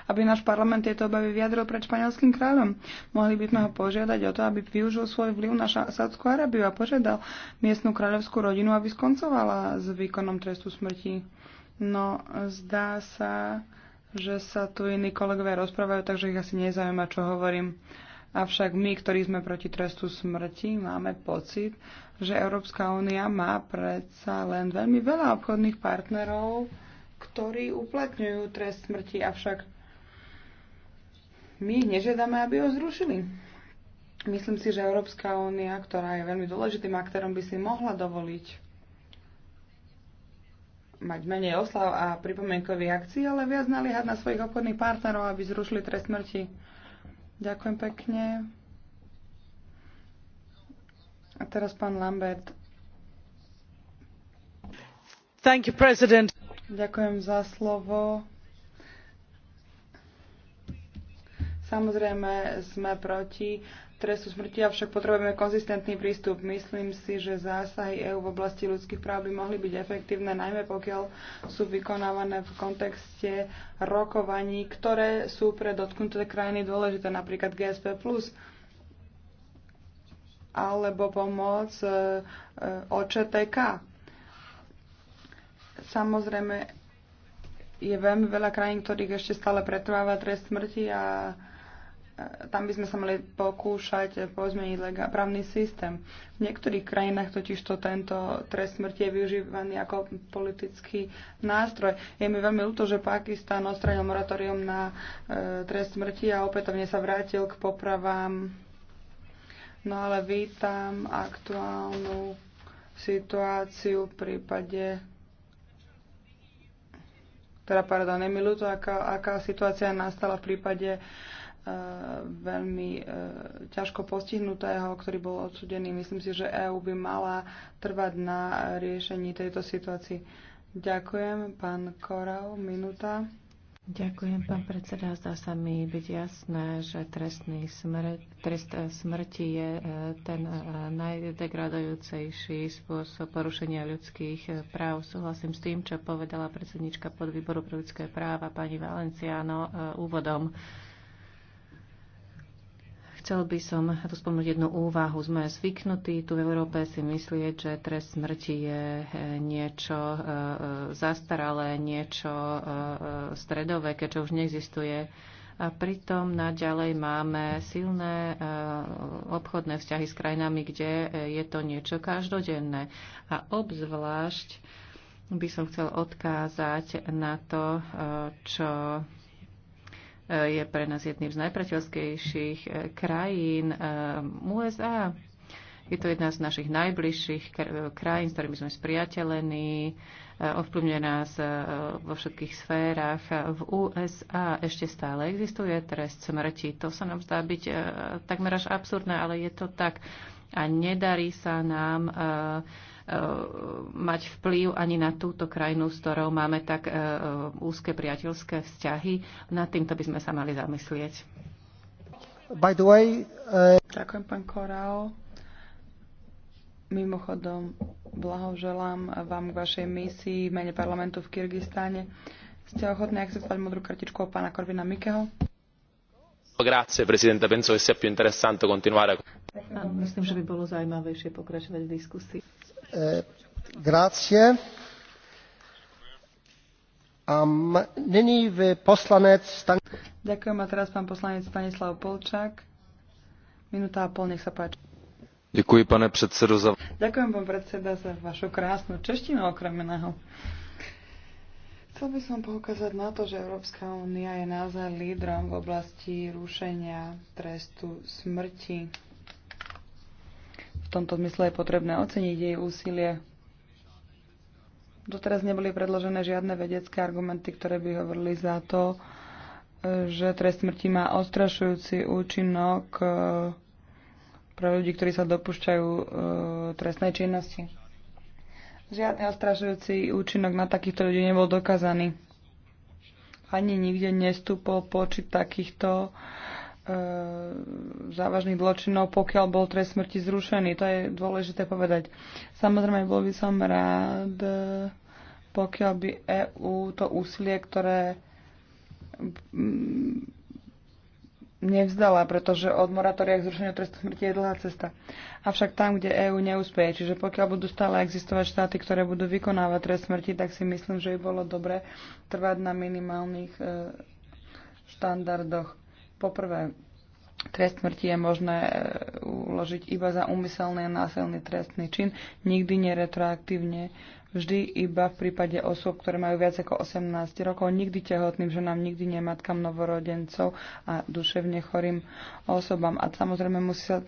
aby náš parlament tieto obavy vyjadril pred španielským kráľom. Mohli by sme ho požiadať o to, aby využil svoj vplyv na Sádskú Arabiu a požiadal miestnu kráľovskú rodinu, aby skoncovala s výkonom trestu smrti. No, zdá sa, že sa tu iní kolegovia rozprávajú, takže ich asi nezaujíma, čo hovorím. Avšak my, ktorí sme proti trestu smrti, máme pocit, že Európska únia má predsa len veľmi veľa obchodných partnerov, ktorí uplatňujú trest smrti, avšak my ich nežiadame, aby ho zrušili. Myslím si, že Európska únia, ktorá je veľmi dôležitým aktérom, by si mohla dovoliť mať menej oslav a pripomienkových akcií, ale viac naliehať na svojich obchodných partnerov, aby zrušili trest smrti. Ďakujem pekne. A teraz pán Lambert. Thank you, President. Ďakujem za slovo. Samozrejme sme proti trestu smrti, avšak potrebujeme konzistentný prístup. Myslím si, že zásahy EÚ v oblasti ľudských práv by mohli byť efektívne, najmä pokiaľ sú vykonávané v kontexte rokovaní, ktoré sú pre dotknuté krajiny dôležité, napríklad GSP+, alebo pomoc eh, eh, OČTK. Samozrejme, je veľmi veľa krajín, ktorých ešte stále pretrváva trest smrti a tam by sme sa mali pokúšať eh, pozmeniť lega- právny systém. V niektorých krajinách totiž to tento trest smrti je využívaný ako politický nástroj. Je mi veľmi ľúto, že Pakistan odstranil moratórium na e, trest smrti a opätovne sa vrátil k popravám. No ale vítam aktuálnu situáciu v prípade teda pardon, je mi aká, aká situácia nastala v prípade e, veľmi e, ťažko postihnutého, ktorý bol odsudený. Myslím si, že EÚ by mala trvať na riešení tejto situácii. Ďakujem, pán Korau, minúta. Ďakujem, pán predseda. Zdá sa mi byť jasné, že trestný smr- trest eh, smrti je eh, ten eh, najdegradujúcejší spôsob porušenia ľudských práv. Súhlasím s tým, čo povedala predsednička podvýboru pre ľudské práva pani Valenciano úvodom. Chcel by som tu spomenúť jednu úvahu. Sme zvyknutí tu v Európe si myslieť, že trest smrti je eh, niečo eh, eh, zastaralé, niečo stredové, keďže už neexistuje a pritom naďalej máme silné obchodné vzťahy s krajinami, kde je to niečo každodenné. A obzvlášť by som chcel odkázať na to, čo je pre nás jedným z najpratelskejších eh, krajín eh, USA. Je to jedna z našich najbližších eh, krajín, s ktorými sme spriateľení. Ovplyvňuje nás vo všetkých sférach. V USA ešte stále existuje trest smrti. To sa nám zdá byť takmer až absurdné, ale je to tak a nedarí sa nám e, e, mať vplyv ani na túto krajinu, s ktorou máme tak e, úzke priateľské vzťahy. Nad týmto by sme sa mali zamyslieť. By the way, uh... Ďakujem, pán Korál. Mimochodom, blahoželám vám k vašej misii v mene parlamentu v Kyrgyzstane. Ste ochotní akceptovať modrú kartičku od pána Korvina Mikeho? Grazie, Presidente. Penso che sia più interessante continuare. A myslím, že by bolo zaujímavejšie pokračovať v diskusii. E, grazie. Um, nyní poslanec Stan... Ďakujem a teraz pán poslanec Stanislav Polčák. Minúta a pol, nech sa páči. Ďakujem, pane predsedo, za... Ďakujem, pán predseda, za vašu krásnu češtinu okrem iného. Chcel by som poukázať na to, že Európska únia je naozaj lídrom v oblasti rušenia trestu smrti tomto zmysle je potrebné oceniť jej úsilie. Doteraz neboli predložené žiadne vedecké argumenty, ktoré by hovorili za to, že trest smrti má ostrašujúci účinok e, pre ľudí, ktorí sa dopúšťajú e, trestnej činnosti. Žiadny ostrašujúci účinok na takýchto ľudí nebol dokázaný. Ani nikde nestúpol počet takýchto E, závažných zločinov, pokiaľ bol trest smrti zrušený. To je dôležité povedať. Samozrejme, bol by som rád, e, pokiaľ by EÚ to úsilie, ktoré mm, nevzdala, pretože od moratória k zrušeniu trestu smrti je dlhá cesta. Avšak tam, kde EÚ neúspeje, čiže pokiaľ budú stále existovať štáty, ktoré budú vykonávať trest smrti, tak si myslím, že by bolo dobre trvať na minimálnych e, štandardoch Poprvé, trest smrti je možné e, uložiť iba za úmyselný a násilný trestný čin, nikdy neretroaktívne vždy iba v prípade osôb, ktoré majú viac ako 18 rokov, nikdy tehotným ženám, nikdy nematkám, novorodencov a duševne chorým osobám. A samozrejme musí sa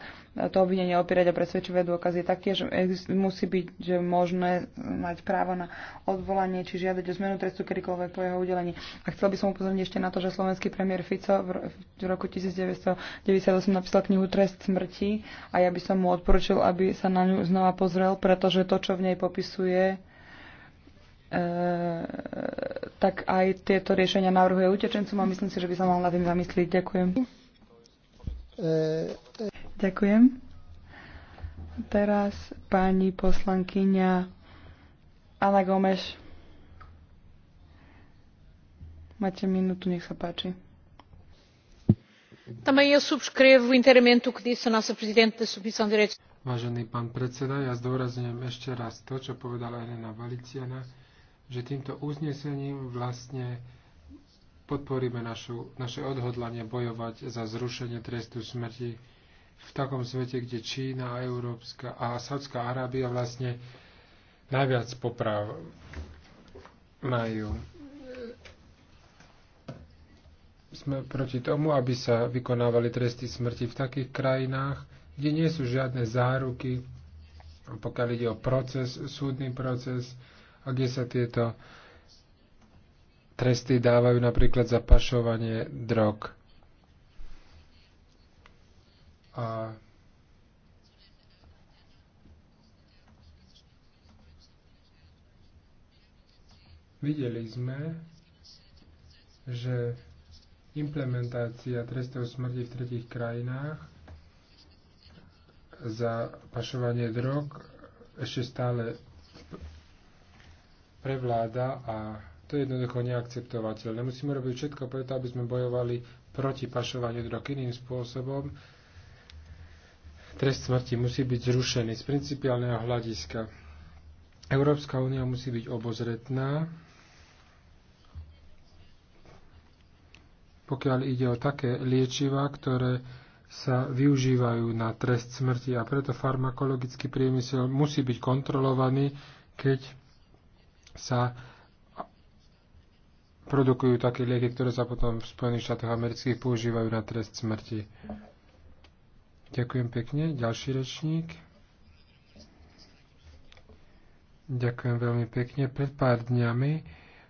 to obvinenie opierať a presvedčivé dôkazy. Taktiež musí byť možné mať právo na odvolanie či žiadať o zmenu trestu kedykoľvek po jeho udelení. A chcel by som upozorniť ešte na to, že slovenský premiér Fico v roku 1998 napísal knihu Trest smrti a ja by som mu odporučil, aby sa na ňu znova pozrel, pretože to, čo v nej popisuje, E, tak aj tieto riešenia navrhuje utečencom a myslím si, že by sa mal na tým zamyslieť. Ďakujem. E, e. Ďakujem. Teraz pani poslankyňa Anna Gomeš. Máte minútu, nech sa páči. Também eu subscrevo inteiramente o que disse a nossa Presidente Vážený pán predseda, ja zdôrazňujem ešte raz to, čo povedala Helena Valiciana že týmto uznesením vlastne podporíme našu, naše odhodlanie bojovať za zrušenie trestu smrti v takom svete, kde Čína a Európska a Saudská Arábia vlastne najviac poprav majú. Sme proti tomu, aby sa vykonávali tresty smrti v takých krajinách, kde nie sú žiadne záruky, pokiaľ ide o proces, súdny proces, a kde sa tieto tresty dávajú napríklad za pašovanie drog. A videli sme, že implementácia trestov smrti v tretich krajinách za pašovanie drog ešte stále prevláda a to je jednoducho neakceptovateľné. Musíme robiť všetko preto, aby sme bojovali proti pašovaniu drog iným spôsobom. Trest smrti musí byť zrušený z principiálneho hľadiska. Európska únia musí byť obozretná, pokiaľ ide o také liečiva, ktoré sa využívajú na trest smrti a preto farmakologický priemysel musí byť kontrolovaný, keď sa produkujú také lieky, ktoré sa potom v Spojených štátoch amerických používajú na trest smrti. Ďakujem pekne. Ďalší rečník. Ďakujem veľmi pekne. Pred pár dňami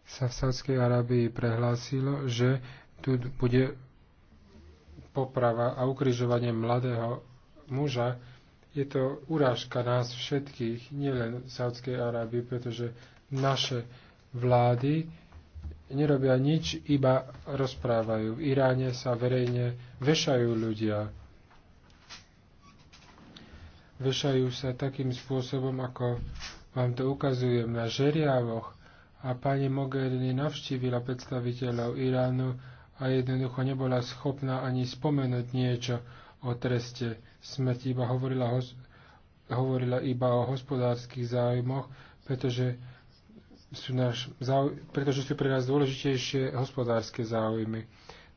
sa v Sádskej Arábii prehlásilo, že tu bude poprava a ukrižovanie mladého muža. Je to urážka nás všetkých, nielen Sádskej Arábii, pretože naše vlády nerobia nič, iba rozprávajú. V Iráne sa verejne vešajú ľudia. Vešajú sa takým spôsobom, ako vám to ukazujem na žeriavoch. A pani Mogherini navštívila predstaviteľov Iránu a jednoducho nebola schopná ani spomenúť niečo o treste smrti, iba hovorila, hovorila iba o hospodárskych záujmoch, pretože sú náš, pretože sú pre nás dôležitejšie hospodárske záujmy.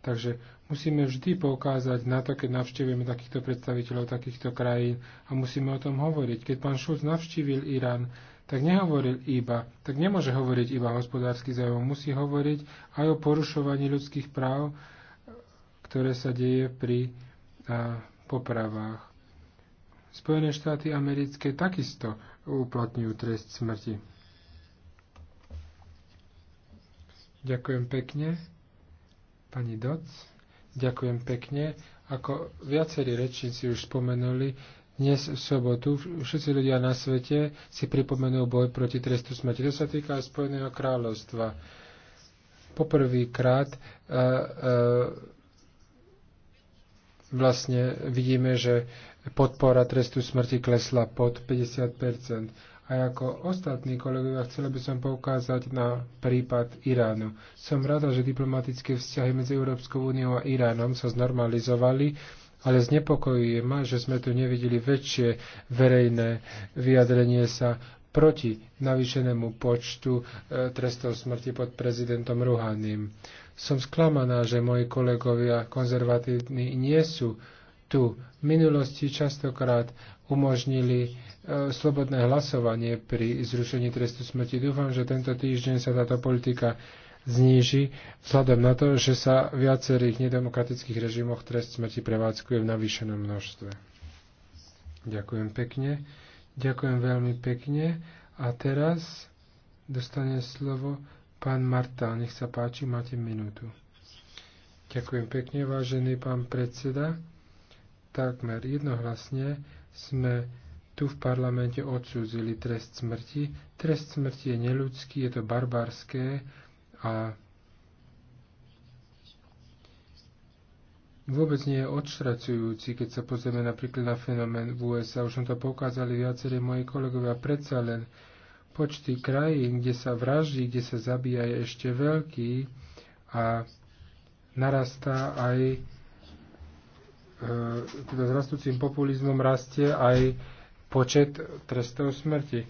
Takže musíme vždy poukázať na to, keď navštívime takýchto predstaviteľov takýchto krajín a musíme o tom hovoriť. Keď pán Šulc navštívil Irán, tak nehovoril iba, tak nemôže hovoriť iba hospodársky záujem, musí hovoriť aj o porušovaní ľudských práv, ktoré sa deje pri a, popravách. Spojené štáty americké takisto uplatňujú trest smrti. Ďakujem pekne, pani Doc. Ďakujem pekne. Ako viacerí rečníci už spomenuli, dnes v sobotu všetci ľudia na svete si pripomenú boj proti trestu smrti. To sa týka aj Spojeného kráľovstva. Poprvýkrát e, e, vlastne vidíme, že podpora trestu smrti klesla pod 50 a ako ostatní kolegovia, chcela by som poukázať na prípad Iránu. Som rada, že diplomatické vzťahy medzi Európskou úniou a Iránom sa znormalizovali, ale znepokojuje ma, že sme tu nevideli väčšie verejné vyjadrenie sa proti navýšenému počtu e, trestov smrti pod prezidentom Ruhanim. Som sklamaná, že moji kolegovia konzervatívni nie sú tu. V minulosti častokrát umožnili e, slobodné hlasovanie pri zrušení trestu smrti. Dúfam, že tento týždeň sa táto politika zníži vzhľadom na to, že sa v viacerých nedemokratických režimoch trest smrti prevádzkuje v navýšenom množstve. Ďakujem pekne. Ďakujem veľmi pekne. A teraz dostane slovo pán Marta. Nech sa páči, máte minútu. Ďakujem pekne, vážený pán predseda. Takmer jednohlasne sme tu v parlamente odsúzili trest smrti. Trest smrti je neludský, je to barbarské a vôbec nie je odštracujúci, keď sa pozrieme napríklad na fenomén v USA. Už som to poukázali viacerí moji kolegovia. Predsa len počty krajín, kde sa vraždí, kde sa zabíja, je ešte veľký a narastá aj E, teda s rastúcim populizmom rastie aj počet trestov smrti.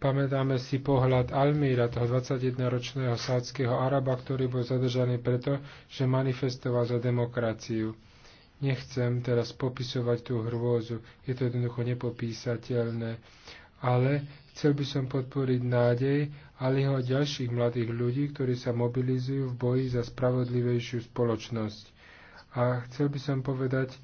Pamätáme si pohľad Almíra, toho 21-ročného sádskeho Araba, ktorý bol zadržaný preto, že manifestoval za demokraciu. Nechcem teraz popisovať tú hrôzu, je to jednoducho nepopísateľné, ale chcel by som podporiť nádej Aliho ďalších mladých ľudí, ktorí sa mobilizujú v boji za spravodlivejšiu spoločnosť. A chcel by som povedať,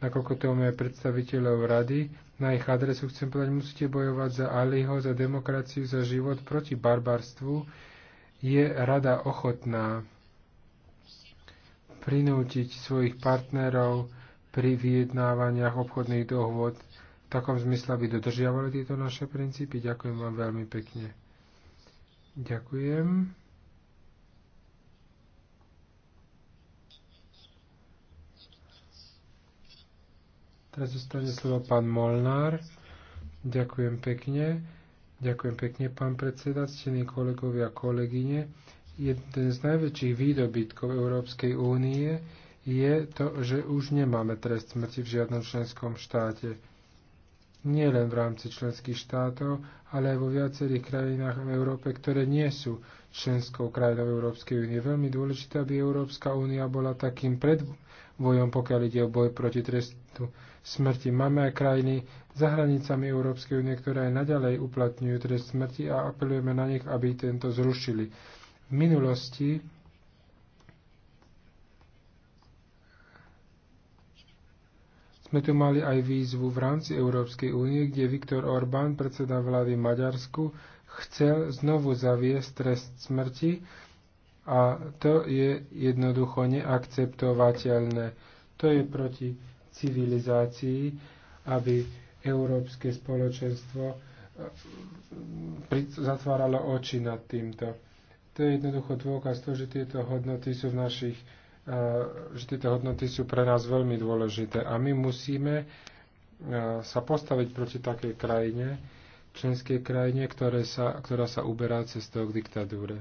nakoľko to máme predstaviteľov rady, na ich adresu chcem povedať, musíte bojovať za Aliho, za demokraciu, za život proti barbarstvu. Je rada ochotná prinútiť svojich partnerov pri vyjednávaniach obchodných dohôd v takom zmysle, aby dodržiavali tieto naše princípy. Ďakujem vám veľmi pekne. Ďakujem. Teraz zostane slovo pán Molnár. Ďakujem pekne. Ďakujem pekne, pán predseda, ctení kolegovia a kolegyne. Jeden z najväčších výdobytkov Európskej únie je to, že už nemáme trest smrti v žiadnom členskom štáte nie len v rámci členských štátov, ale aj vo viacerých krajinách v Európe, ktoré nie sú členskou krajinou Európskej únie. Veľmi dôležité, aby Európska únia bola takým pred, vojom, pokiaľ ide o boj proti trestu smrti. Máme aj krajiny za hranicami Európskej únie, ktoré aj naďalej uplatňujú trest smrti a apelujeme na nich, aby tento zrušili. V minulosti sme tu mali aj výzvu v rámci Európskej únie, kde Viktor Orbán, predseda vlády Maďarsku, chcel znovu zaviesť trest smrti a to je jednoducho neakceptovateľné. To je proti civilizácii, aby európske spoločenstvo e, zatváralo oči nad týmto. To je jednoducho dôkaz toho, že tieto hodnoty sú v našich e, že tieto hodnoty sú pre nás veľmi dôležité a my musíme e, sa postaviť proti takej krajine, členskej krajine, ktoré sa, ktorá sa uberá cestou k diktatúre.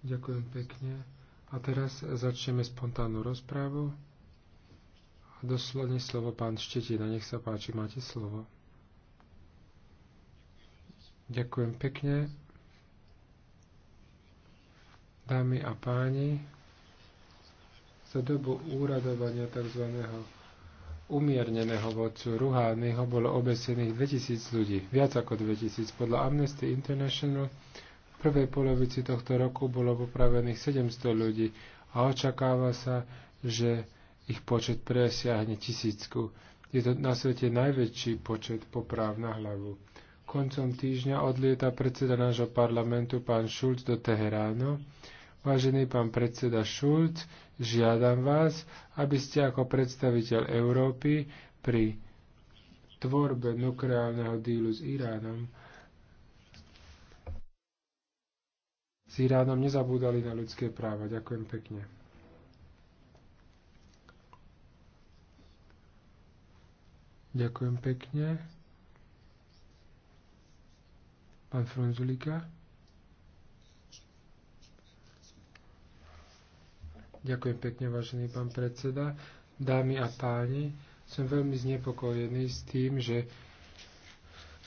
Ďakujem pekne. A teraz začneme spontánnu rozprávu. A doslovne slovo pán Štetina, nech sa páči, máte slovo. Ďakujem pekne. Dámy a páni, za dobu úradovania tzv. umierneného vodcu Ruhányho bolo obesených 2000 ľudí, viac ako 2000. Podľa Amnesty International prvej polovici tohto roku bolo popravených 700 ľudí a očakáva sa, že ich počet presiahne tisícku. Je to na svete najväčší počet popráv na hlavu. Koncom týždňa odlieta predseda nášho parlamentu pán Šulc do Teheránu. Vážený pán predseda Šulc, žiadam vás, aby ste ako predstaviteľ Európy pri tvorbe nukleálneho dílu s Iránom s Iránom nezabúdali na ľudské práva. Ďakujem pekne. Ďakujem pekne. Pán Frunzulika. Ďakujem pekne, vážený pán predseda. Dámy a páni, som veľmi znepokojený s tým, že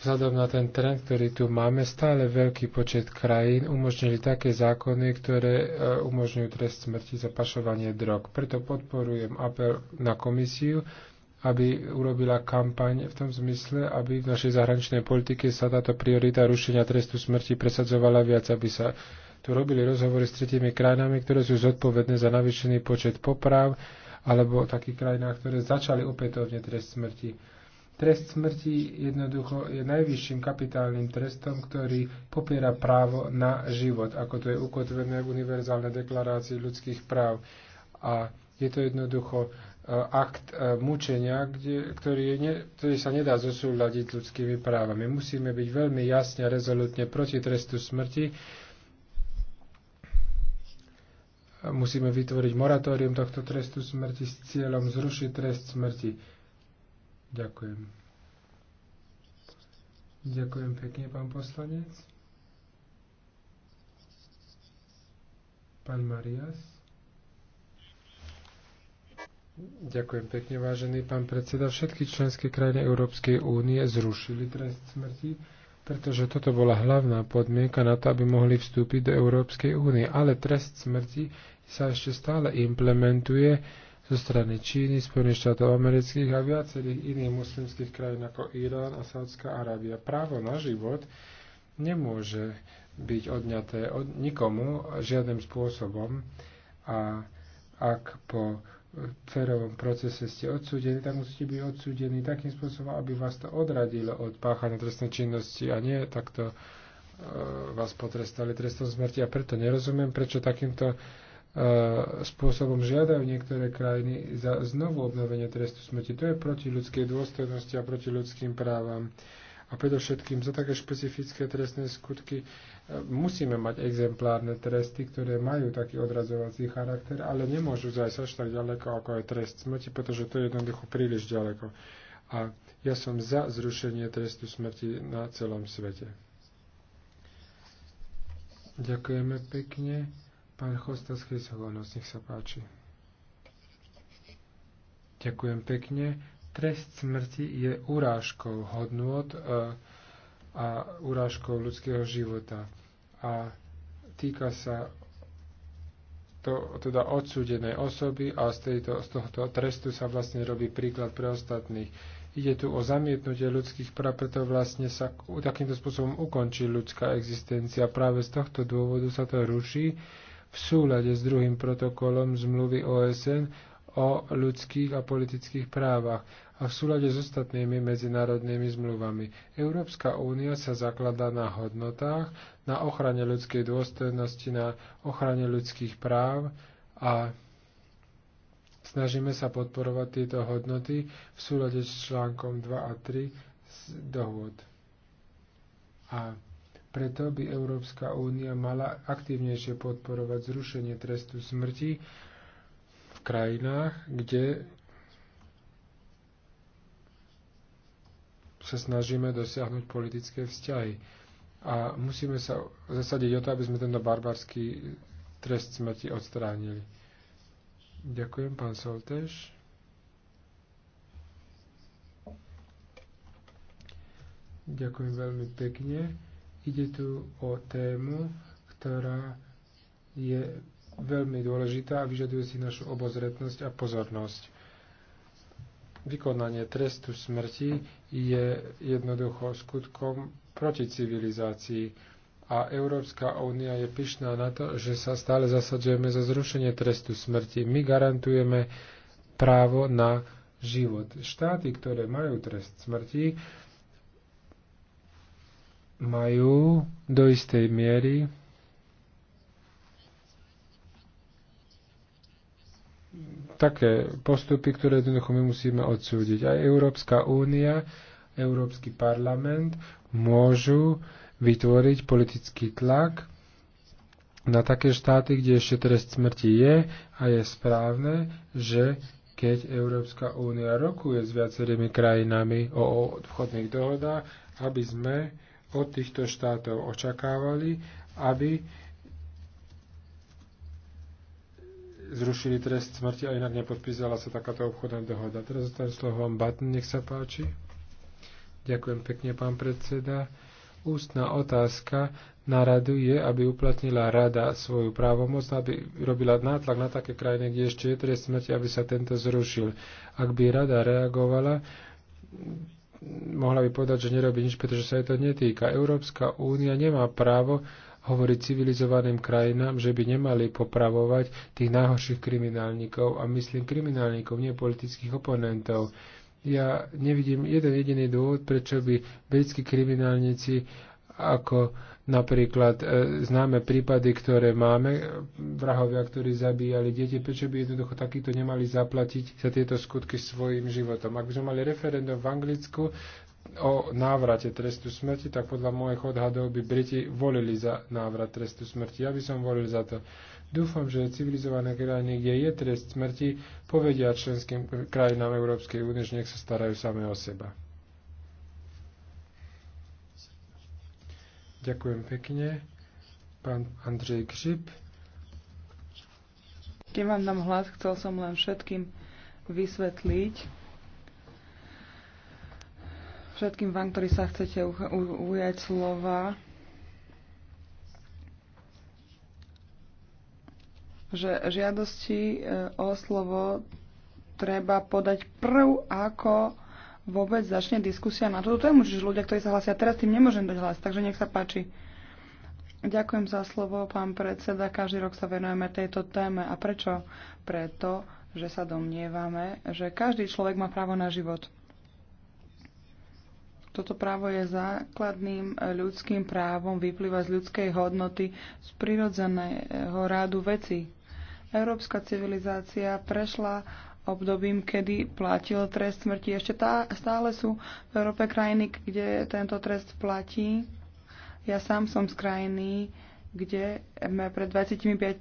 vzhľadom na ten trend, ktorý tu máme, stále veľký počet krajín umožnili také zákony, ktoré e, umožňujú trest smrti za pašovanie drog. Preto podporujem apel na komisiu, aby urobila kampaň v tom zmysle, aby v našej zahraničnej politike sa táto priorita rušenia trestu smrti presadzovala viac, aby sa tu robili rozhovory s tretimi krajinami, ktoré sú zodpovedné za navýšený počet poprav, alebo takých krajinách, ktoré začali opätovne trest smrti. Trest smrti jednoducho je najvyšším kapitálnym trestom, ktorý popiera právo na život, ako to je ukotvené v Univerzálnej deklarácii ľudských práv. A je to jednoducho e, akt e, mučenia, kde, ktorý, je ne, ktorý sa nedá zosúľadiť ľudskými právami. Musíme byť veľmi jasne a rezolutne proti trestu smrti. Musíme vytvoriť moratórium tohto trestu smrti s cieľom zrušiť trest smrti Ďakujem. Ďakujem pekne, pán poslanec. Pán Marias. Ďakujem pekne, vážený pán predseda. Všetky členské krajiny Európskej únie zrušili trest smrti, pretože toto bola hlavná podmienka na to, aby mohli vstúpiť do Európskej únie. Ale trest smrti sa ešte stále implementuje zo strany Číny, Spojených štátov amerických a viacerých iných muslimských krajín ako Irán a Sádska Arábia. Právo na život nemôže byť odňaté od nikomu žiadnym spôsobom a ak po férovom procese ste odsúdení, tak musíte byť odsúdení takým spôsobom, aby vás to odradilo od páchania trestnej činnosti a nie takto e, vás potrestali trestom smrti. A preto nerozumiem, prečo takýmto spôsobom žiadajú niektoré krajiny za znovu obnovenie trestu smrti. To je proti ľudskej dôstojnosti a proti ľudským právam. A predovšetkým za také špecifické trestné skutky e, musíme mať exemplárne tresty, ktoré majú taký odrazovací charakter, ale nemôžu zajsť až tak ďaleko, ako je trest smrti, pretože to je jednoducho príliš ďaleko. A ja som za zrušenie trestu smrti na celom svete. Ďakujeme pekne. Pán Chostas Chrysogonos, nech sa páči. Ďakujem pekne. Trest smrti je urážkou hodnot eh, a urážkou ľudského života. A týka sa to, teda odsúdenej osoby a z, tejto, z tohto trestu sa vlastne robí príklad pre ostatných. Ide tu o zamietnutie ľudských práv, preto vlastne sa takýmto spôsobom ukončí ľudská existencia. Práve z tohto dôvodu sa to ruší v súlade s druhým protokolom zmluvy OSN o ľudských a politických právach a v súlade s ostatnými medzinárodnými zmluvami. Európska únia sa zakladá na hodnotách, na ochrane ľudskej dôstojnosti, na ochrane ľudských práv a snažíme sa podporovať tieto hodnoty v súlade s článkom 2 a 3 z dohôd. A preto by Európska únia mala aktívnejšie podporovať zrušenie trestu smrti v krajinách, kde sa snažíme dosiahnuť politické vzťahy. A musíme sa zasadiť o to, aby sme tento barbarský trest smrti odstránili. Ďakujem, pán Soltež. Ďakujem veľmi pekne. Ide tu o tému, ktorá je veľmi dôležitá a vyžaduje si našu obozretnosť a pozornosť. Vykonanie trestu smrti je jednoducho skutkom proti civilizácii a Európska únia je pyšná na to, že sa stále zasadzujeme za zrušenie trestu smrti. My garantujeme právo na život. Štáty, ktoré majú trest smrti, majú do istej miery také postupy, ktoré jednoducho my musíme odsúdiť. Aj Európska únia, Európsky parlament môžu vytvoriť politický tlak na také štáty, kde ešte trest smrti je a je správne, že keď Európska únia rokuje s viacerými krajinami o obchodných dohodách, aby sme od týchto štátov očakávali, aby zrušili trest smrti a inak nepodpísala sa takáto obchodná dohoda. Teraz zostane slovom Button, nech sa páči. Ďakujem pekne, pán predseda. Ústna otázka na radu je, aby uplatnila rada svoju právomoc, aby robila nátlak na také krajiny, kde ešte je trest smrti, aby sa tento zrušil. Ak by rada reagovala, mohla by povedať, že nerobí nič, pretože sa jej to netýka. Európska únia nemá právo hovoriť civilizovaným krajinám, že by nemali popravovať tých najhorších kriminálnikov a myslím kriminálnikov, nie politických oponentov. Ja nevidím jeden jediný dôvod, prečo by britskí kriminálnici ako Napríklad e, známe prípady, ktoré máme, e, vrahovia, ktorí zabíjali deti, prečo by jednoducho takýto nemali zaplatiť za tieto skutky svojim životom. Ak by sme mali referendum v Anglicku o návrate trestu smrti, tak podľa mojich odhadov by Briti volili za návrat trestu smrti. Ja by som volil za to. Dúfam, že civilizované krajiny, kde je trest smrti, povedia členským krajinám Európskej únie, že nech sa starajú same o seba. Ďakujem pekne. Pán Andrej Křip. Keď vám dám hlas, chcel som len všetkým vysvetliť, všetkým vám, ktorí sa chcete ujať slova, že žiadosti e, o slovo treba podať prv, ako vôbec začne diskusia na túto tému. Čiže ľudia, ktorí sa hlasia teraz, tým nemôžem dať hlas. Takže nech sa páči. Ďakujem za slovo, pán predseda. Každý rok sa venujeme tejto téme. A prečo? Preto, že sa domnievame, že každý človek má právo na život. Toto právo je základným ľudským právom, vyplýva z ľudskej hodnoty, z prirodzeného rádu veci. Európska civilizácia prešla obdobím, kedy platil trest smrti. Ešte tá, stále sú v Európe krajiny, kde tento trest platí. Ja sám som z krajiny, kde sme pred 25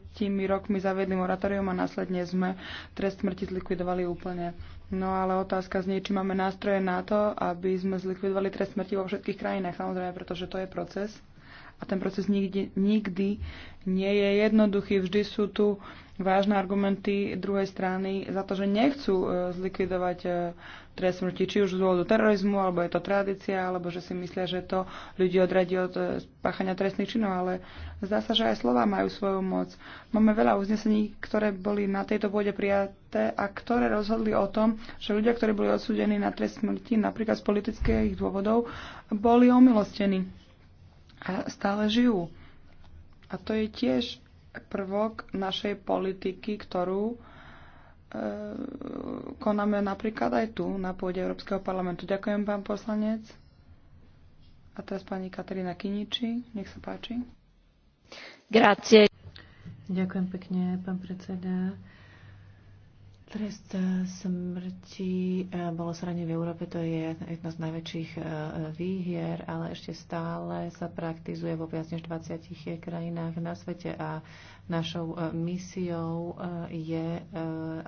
rokmi zavedli moratórium a následne sme trest smrti zlikvidovali úplne. No ale otázka znie, či máme nástroje na to, aby sme zlikvidovali trest smrti vo všetkých krajinách, samozrejme, pretože to je proces. A ten proces nikdy, nikdy nie je jednoduchý. Vždy sú tu uh, vážne argumenty druhej strany za to, že nechcú e, zlikvidovať e, trest smrti, či už z dôvodu terorizmu, alebo je to tradícia, alebo že si myslia, že to ľudí odradí od e, páchania trestných činov, ale zdá sa, že aj slova majú svoju moc. Máme veľa uznesení, ktoré boli na tejto pôde prijaté a ktoré rozhodli o tom, že ľudia, ktorí boli odsúdení na trest smrti, napríklad z politických dôvodov, boli omilostení a stále žijú. A to je tiež prvok našej politiky, ktorú e, konáme napríklad aj tu, na pôde Európskeho parlamentu. Ďakujem, pán poslanec. A teraz pani Katarína Kiniči, nech sa páči. Grazie. Ďakujem pekne, pán predseda. Trest eh, smrti eh, bolo sranie v Európe, to je jedna z najväčších eh, výhier, ale ešte stále sa praktizuje vo viac než 20 krajinách na svete a Našou e, misiou e, je, e,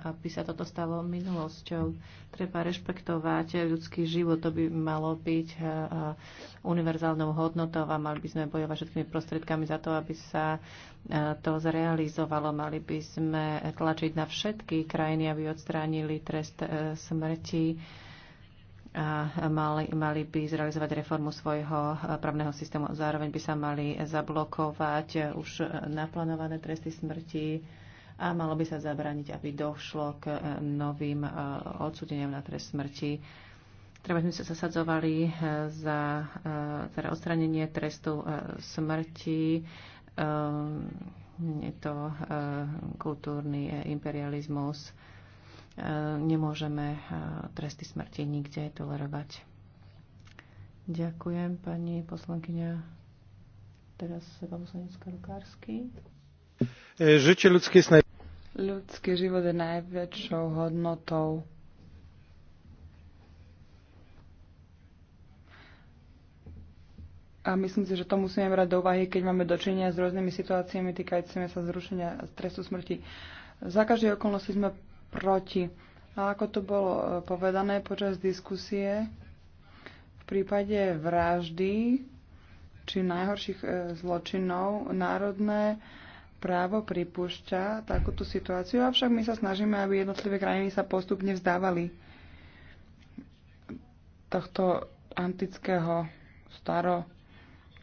aby sa toto stalo minulosťou. Treba rešpektovať ľudský život, to by malo byť univerzálnou hodnotou a mali by sme bojovať všetkými prostriedkami za to, aby sa to zrealizovalo. Mali by sme tlačiť na všetky krajiny, aby odstránili trest smrti a mali, mali by zrealizovať reformu svojho eh, právneho systému. Zároveň by sa mali zablokovať eh, už eh, naplánované tresty smrti a malo by sa zabrániť, aby došlo k novým odsudeniam na trest smrti. Treba sme sa zasadzovali za teda odstranenie trestu smrti. Ehm, je to kultúrny imperializmus E, nemôžeme e, tresty smrti nikde tolerovať. Ďakujem, pani poslankyňa. Teraz pán poslanec Karukársky. Žite ľudský snaj... Ľudský život je najväčšou hodnotou. A myslím si, že to musíme brať do úvahy, keď máme dočinenia s rôznymi situáciami týkajúcimi sa zrušenia trestu smrti. Za každej okolnosti sme proti. A ako to bolo e, povedané počas diskusie, v prípade vraždy či najhorších e, zločinov národné právo pripúšťa takúto situáciu, avšak my sa snažíme, aby jednotlivé krajiny sa postupne vzdávali tohto antického staro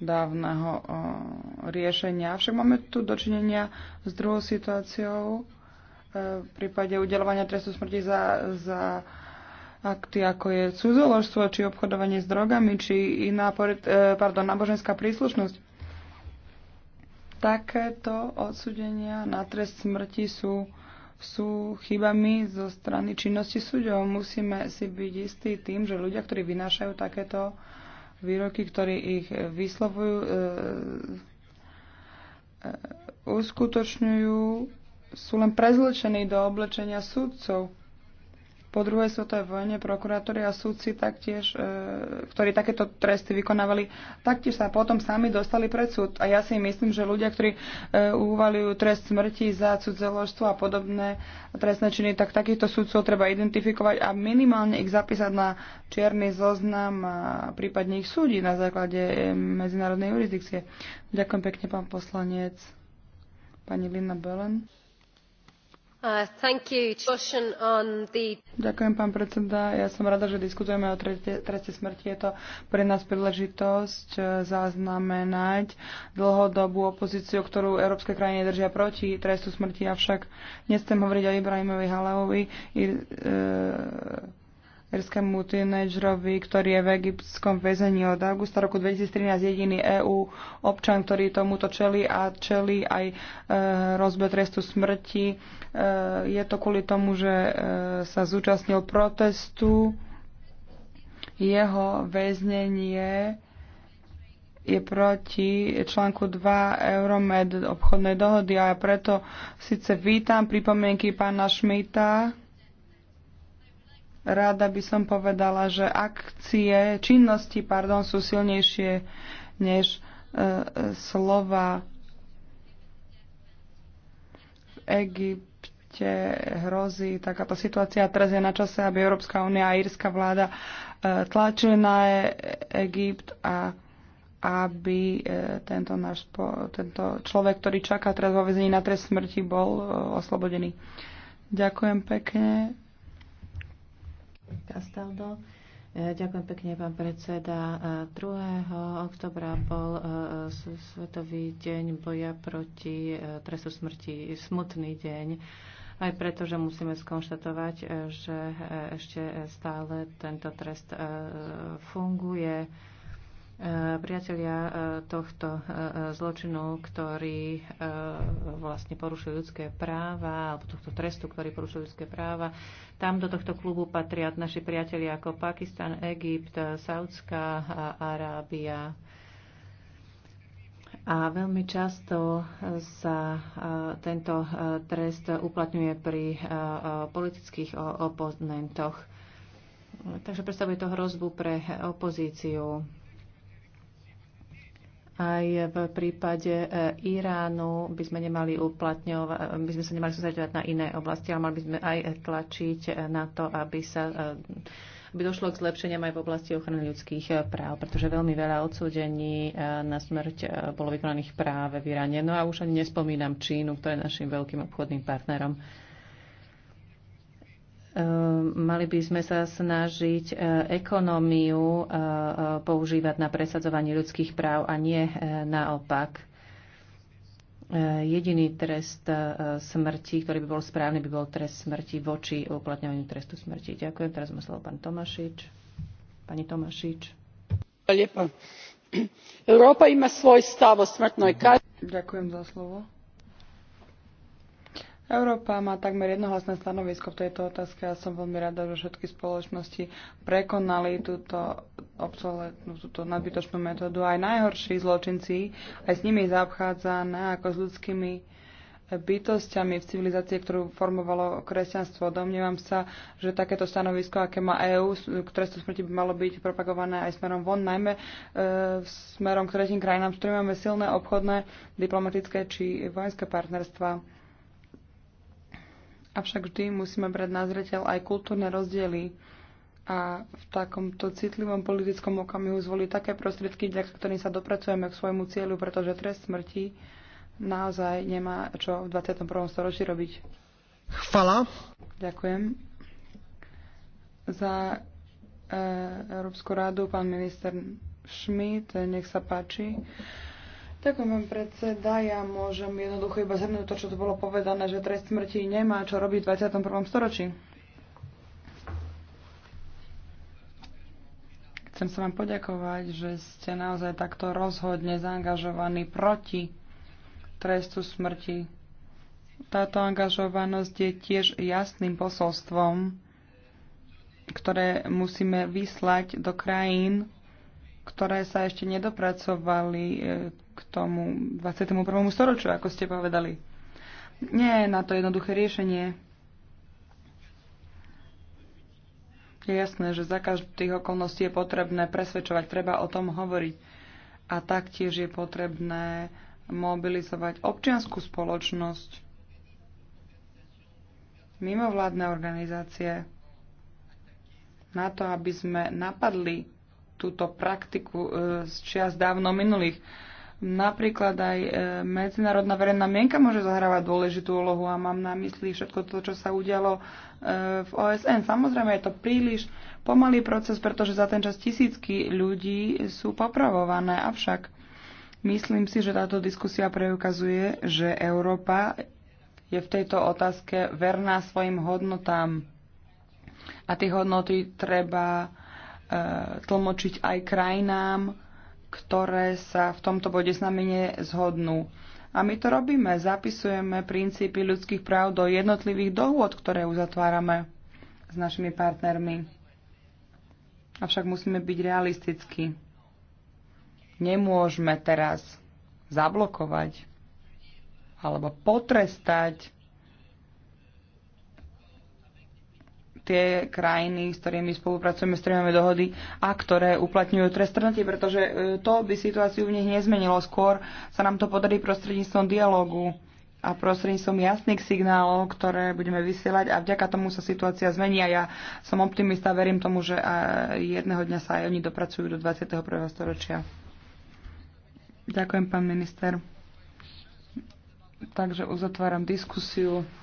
dávneho e, riešenia. Avšak máme tu dočinenia s druhou situáciou, v prípade udelovania trestu smrti za, za akty ako je cudzoložstvo, či obchodovanie s drogami, či iná e, pardon, náboženská príslušnosť. Takéto odsudenia na trest smrti sú, sú chybami zo strany činnosti súdov. Musíme si byť istí tým, že ľudia, ktorí vynášajú takéto výroky, ktorí ich vyslovujú, e, e, uskutočňujú sú len prezlečení do oblečenia sudcov. Po druhej svetovej vojne prokurátori a súdci taktiež, e, ktorí takéto tresty vykonávali, taktiež sa potom sami dostali pred súd. A ja si myslím, že ľudia, ktorí e, uvalujú trest smrti za cudzeložstvo a podobné trestné činy, tak takýchto súdcov treba identifikovať a minimálne ich zapísať na čierny zoznam a prípadne ich súdiť na základe e, medzinárodnej jurisdikcie. Ďakujem pekne, pán poslanec. Pani Lina Belen. Uh, Ďakujem, pán predseda. Ja som rada, že diskutujeme o treste smrti. Je to pre nás príležitosť uh, zaznamenať dlhodobú opozíciu, ktorú európske krajiny držia proti trestu smrti. Avšak nechcem hovoriť o Ibrahimovi Halevovi erskému tínedžerovi, ktorý je v egyptskom väzení od augusta roku 2013 jediný EÚ občan, ktorý tomuto čeli a čeli aj e, rozbe trestu smrti. E, je to kvôli tomu, že e, sa zúčastnil protestu. Jeho väznenie je proti článku 2 Euromed obchodnej dohody a preto síce vítam pripomienky pána Šmita, Rada by som povedala, že akcie, činnosti, pardon, sú silnejšie než e, e, slova. V Egypte hrozí takáto situácia. Teraz je na čase, aby Európska únia a írska vláda e, tlačili na e, Egypt a aby e, tento, náš, tento človek, ktorý čaká teraz vo väzení na trest smrti, bol e, oslobodený. Ďakujem pekne. Castaldo. E, ďakujem pekne, pán predseda. 2. E, oktobra bol e, Svetový deň boja proti trestu smrti. Smutný deň. Aj preto, že musíme skonštatovať, že ešte stále tento trest funguje priatelia e, tohto e, zločinu, ktorý e, vlastne porušil ľudské práva, alebo tohto trestu, ktorý porušil ľudské práva. Tam do tohto klubu patria naši priatelia ako Pakistan, Egypt, Saudská Arábia. A veľmi často sa tento trest uplatňuje pri politických oponentoch. Takže predstavuje to hrozbu pre opozíciu. Aj v prípade e, Iránu by sme nemali uplatňovať, e, by sme sa nemali sústredovať na iné oblasti, ale mali by sme aj tlačiť e, na to, aby sa by došlo k zlepšeniam aj v oblasti ochrany ľudských práv, pretože veľmi veľa odsúdení na smrť bolo vykonaných práve v Iráne. No a už ani nespomínam Čínu, ktorá je našim veľkým obchodným partnerom. Ehm, mali by sme sa snažiť e, ekonómiu e, e, používať na presadzovanie ľudských práv a nie naopak. Jediný trest smrti, ktorý by bol správny, by bol trest smrti voči uplatňovaniu trestu smrti. Ďakujem. Teraz má slovo pán Tomašič. Pani Tomašič. Európa ima svoj stav o smrtnoj kazni. Ďakujem za slovo Európa má takmer jednohlasné stanovisko v tejto otázke a som veľmi rada, že všetky spoločnosti prekonali túto obsoletnú, túto nadbytočnú metódu. Aj najhorší zločinci, aj s nimi zaobchádzané ako s ľudskými bytostiami v civilizácii, ktorú formovalo kresťanstvo. Domnievam sa, že takéto stanovisko, aké má EÚ k trestu smrti, by malo byť propagované aj smerom von, najmä e, smerom k tretím krajinám, s ktorými máme silné obchodné, diplomatické či vojenské partnerstva Avšak vždy musíme brať na zreteľ aj kultúrne rozdiely a v takomto citlivom politickom okamihu zvoliť také prostriedky, vďaka ktorým sa dopracujeme k svojmu cieľu, pretože trest smrti naozaj nemá čo v 21. storočí robiť. Chvala. Ďakujem. Za eh, Európsku radu pán minister Schmidt, nech sa páči. Ďakujem, pán predseda. Ja môžem jednoducho iba zhrnúť to, čo tu bolo povedané, že trest smrti nemá čo robiť v 21. storočí. Chcem sa vám poďakovať, že ste naozaj takto rozhodne zaangažovaní proti trestu smrti. Táto angažovanosť je tiež jasným posolstvom, ktoré musíme vyslať do krajín, ktoré sa ešte nedopracovali e, k tomu 21. storočiu, ako ste povedali. Nie je na to jednoduché riešenie. Je jasné, že za každých okolností je potrebné presvedčovať, treba o tom hovoriť. A taktiež je potrebné mobilizovať občianskú spoločnosť, mimovládne organizácie, na to, aby sme napadli túto praktiku e, z čias dávno minulých. Napríklad aj e, medzinárodná verejná mienka môže zahrávať dôležitú úlohu a mám na mysli všetko to, čo sa udialo e, v OSN. Samozrejme je to príliš pomalý proces, pretože za ten čas tisícky ľudí sú popravované. Avšak myslím si, že táto diskusia preukazuje, že Európa je v tejto otázke verná svojim hodnotám. A tie hodnoty treba E, tlmočiť aj krajinám, ktoré sa v tomto bode s nami nezhodnú. A my to robíme, zapisujeme princípy ľudských práv do jednotlivých dohôd, ktoré uzatvárame s našimi partnermi. Avšak musíme byť realistickí. Nemôžeme teraz zablokovať alebo potrestať tie krajiny, s ktorými spolupracujeme, s ktorými máme dohody a ktoré uplatňujú trest smrti, pretože e, to by situáciu v nich nezmenilo. Skôr sa nám to podarí prostredníctvom dialogu a prostredníctvom jasných signálov, ktoré budeme vysielať a vďaka tomu sa situácia zmení a ja som optimista, verím tomu, že e, jedného dňa sa aj oni dopracujú do 21. storočia. Ďakujem, pán minister. Takže uzatváram diskusiu.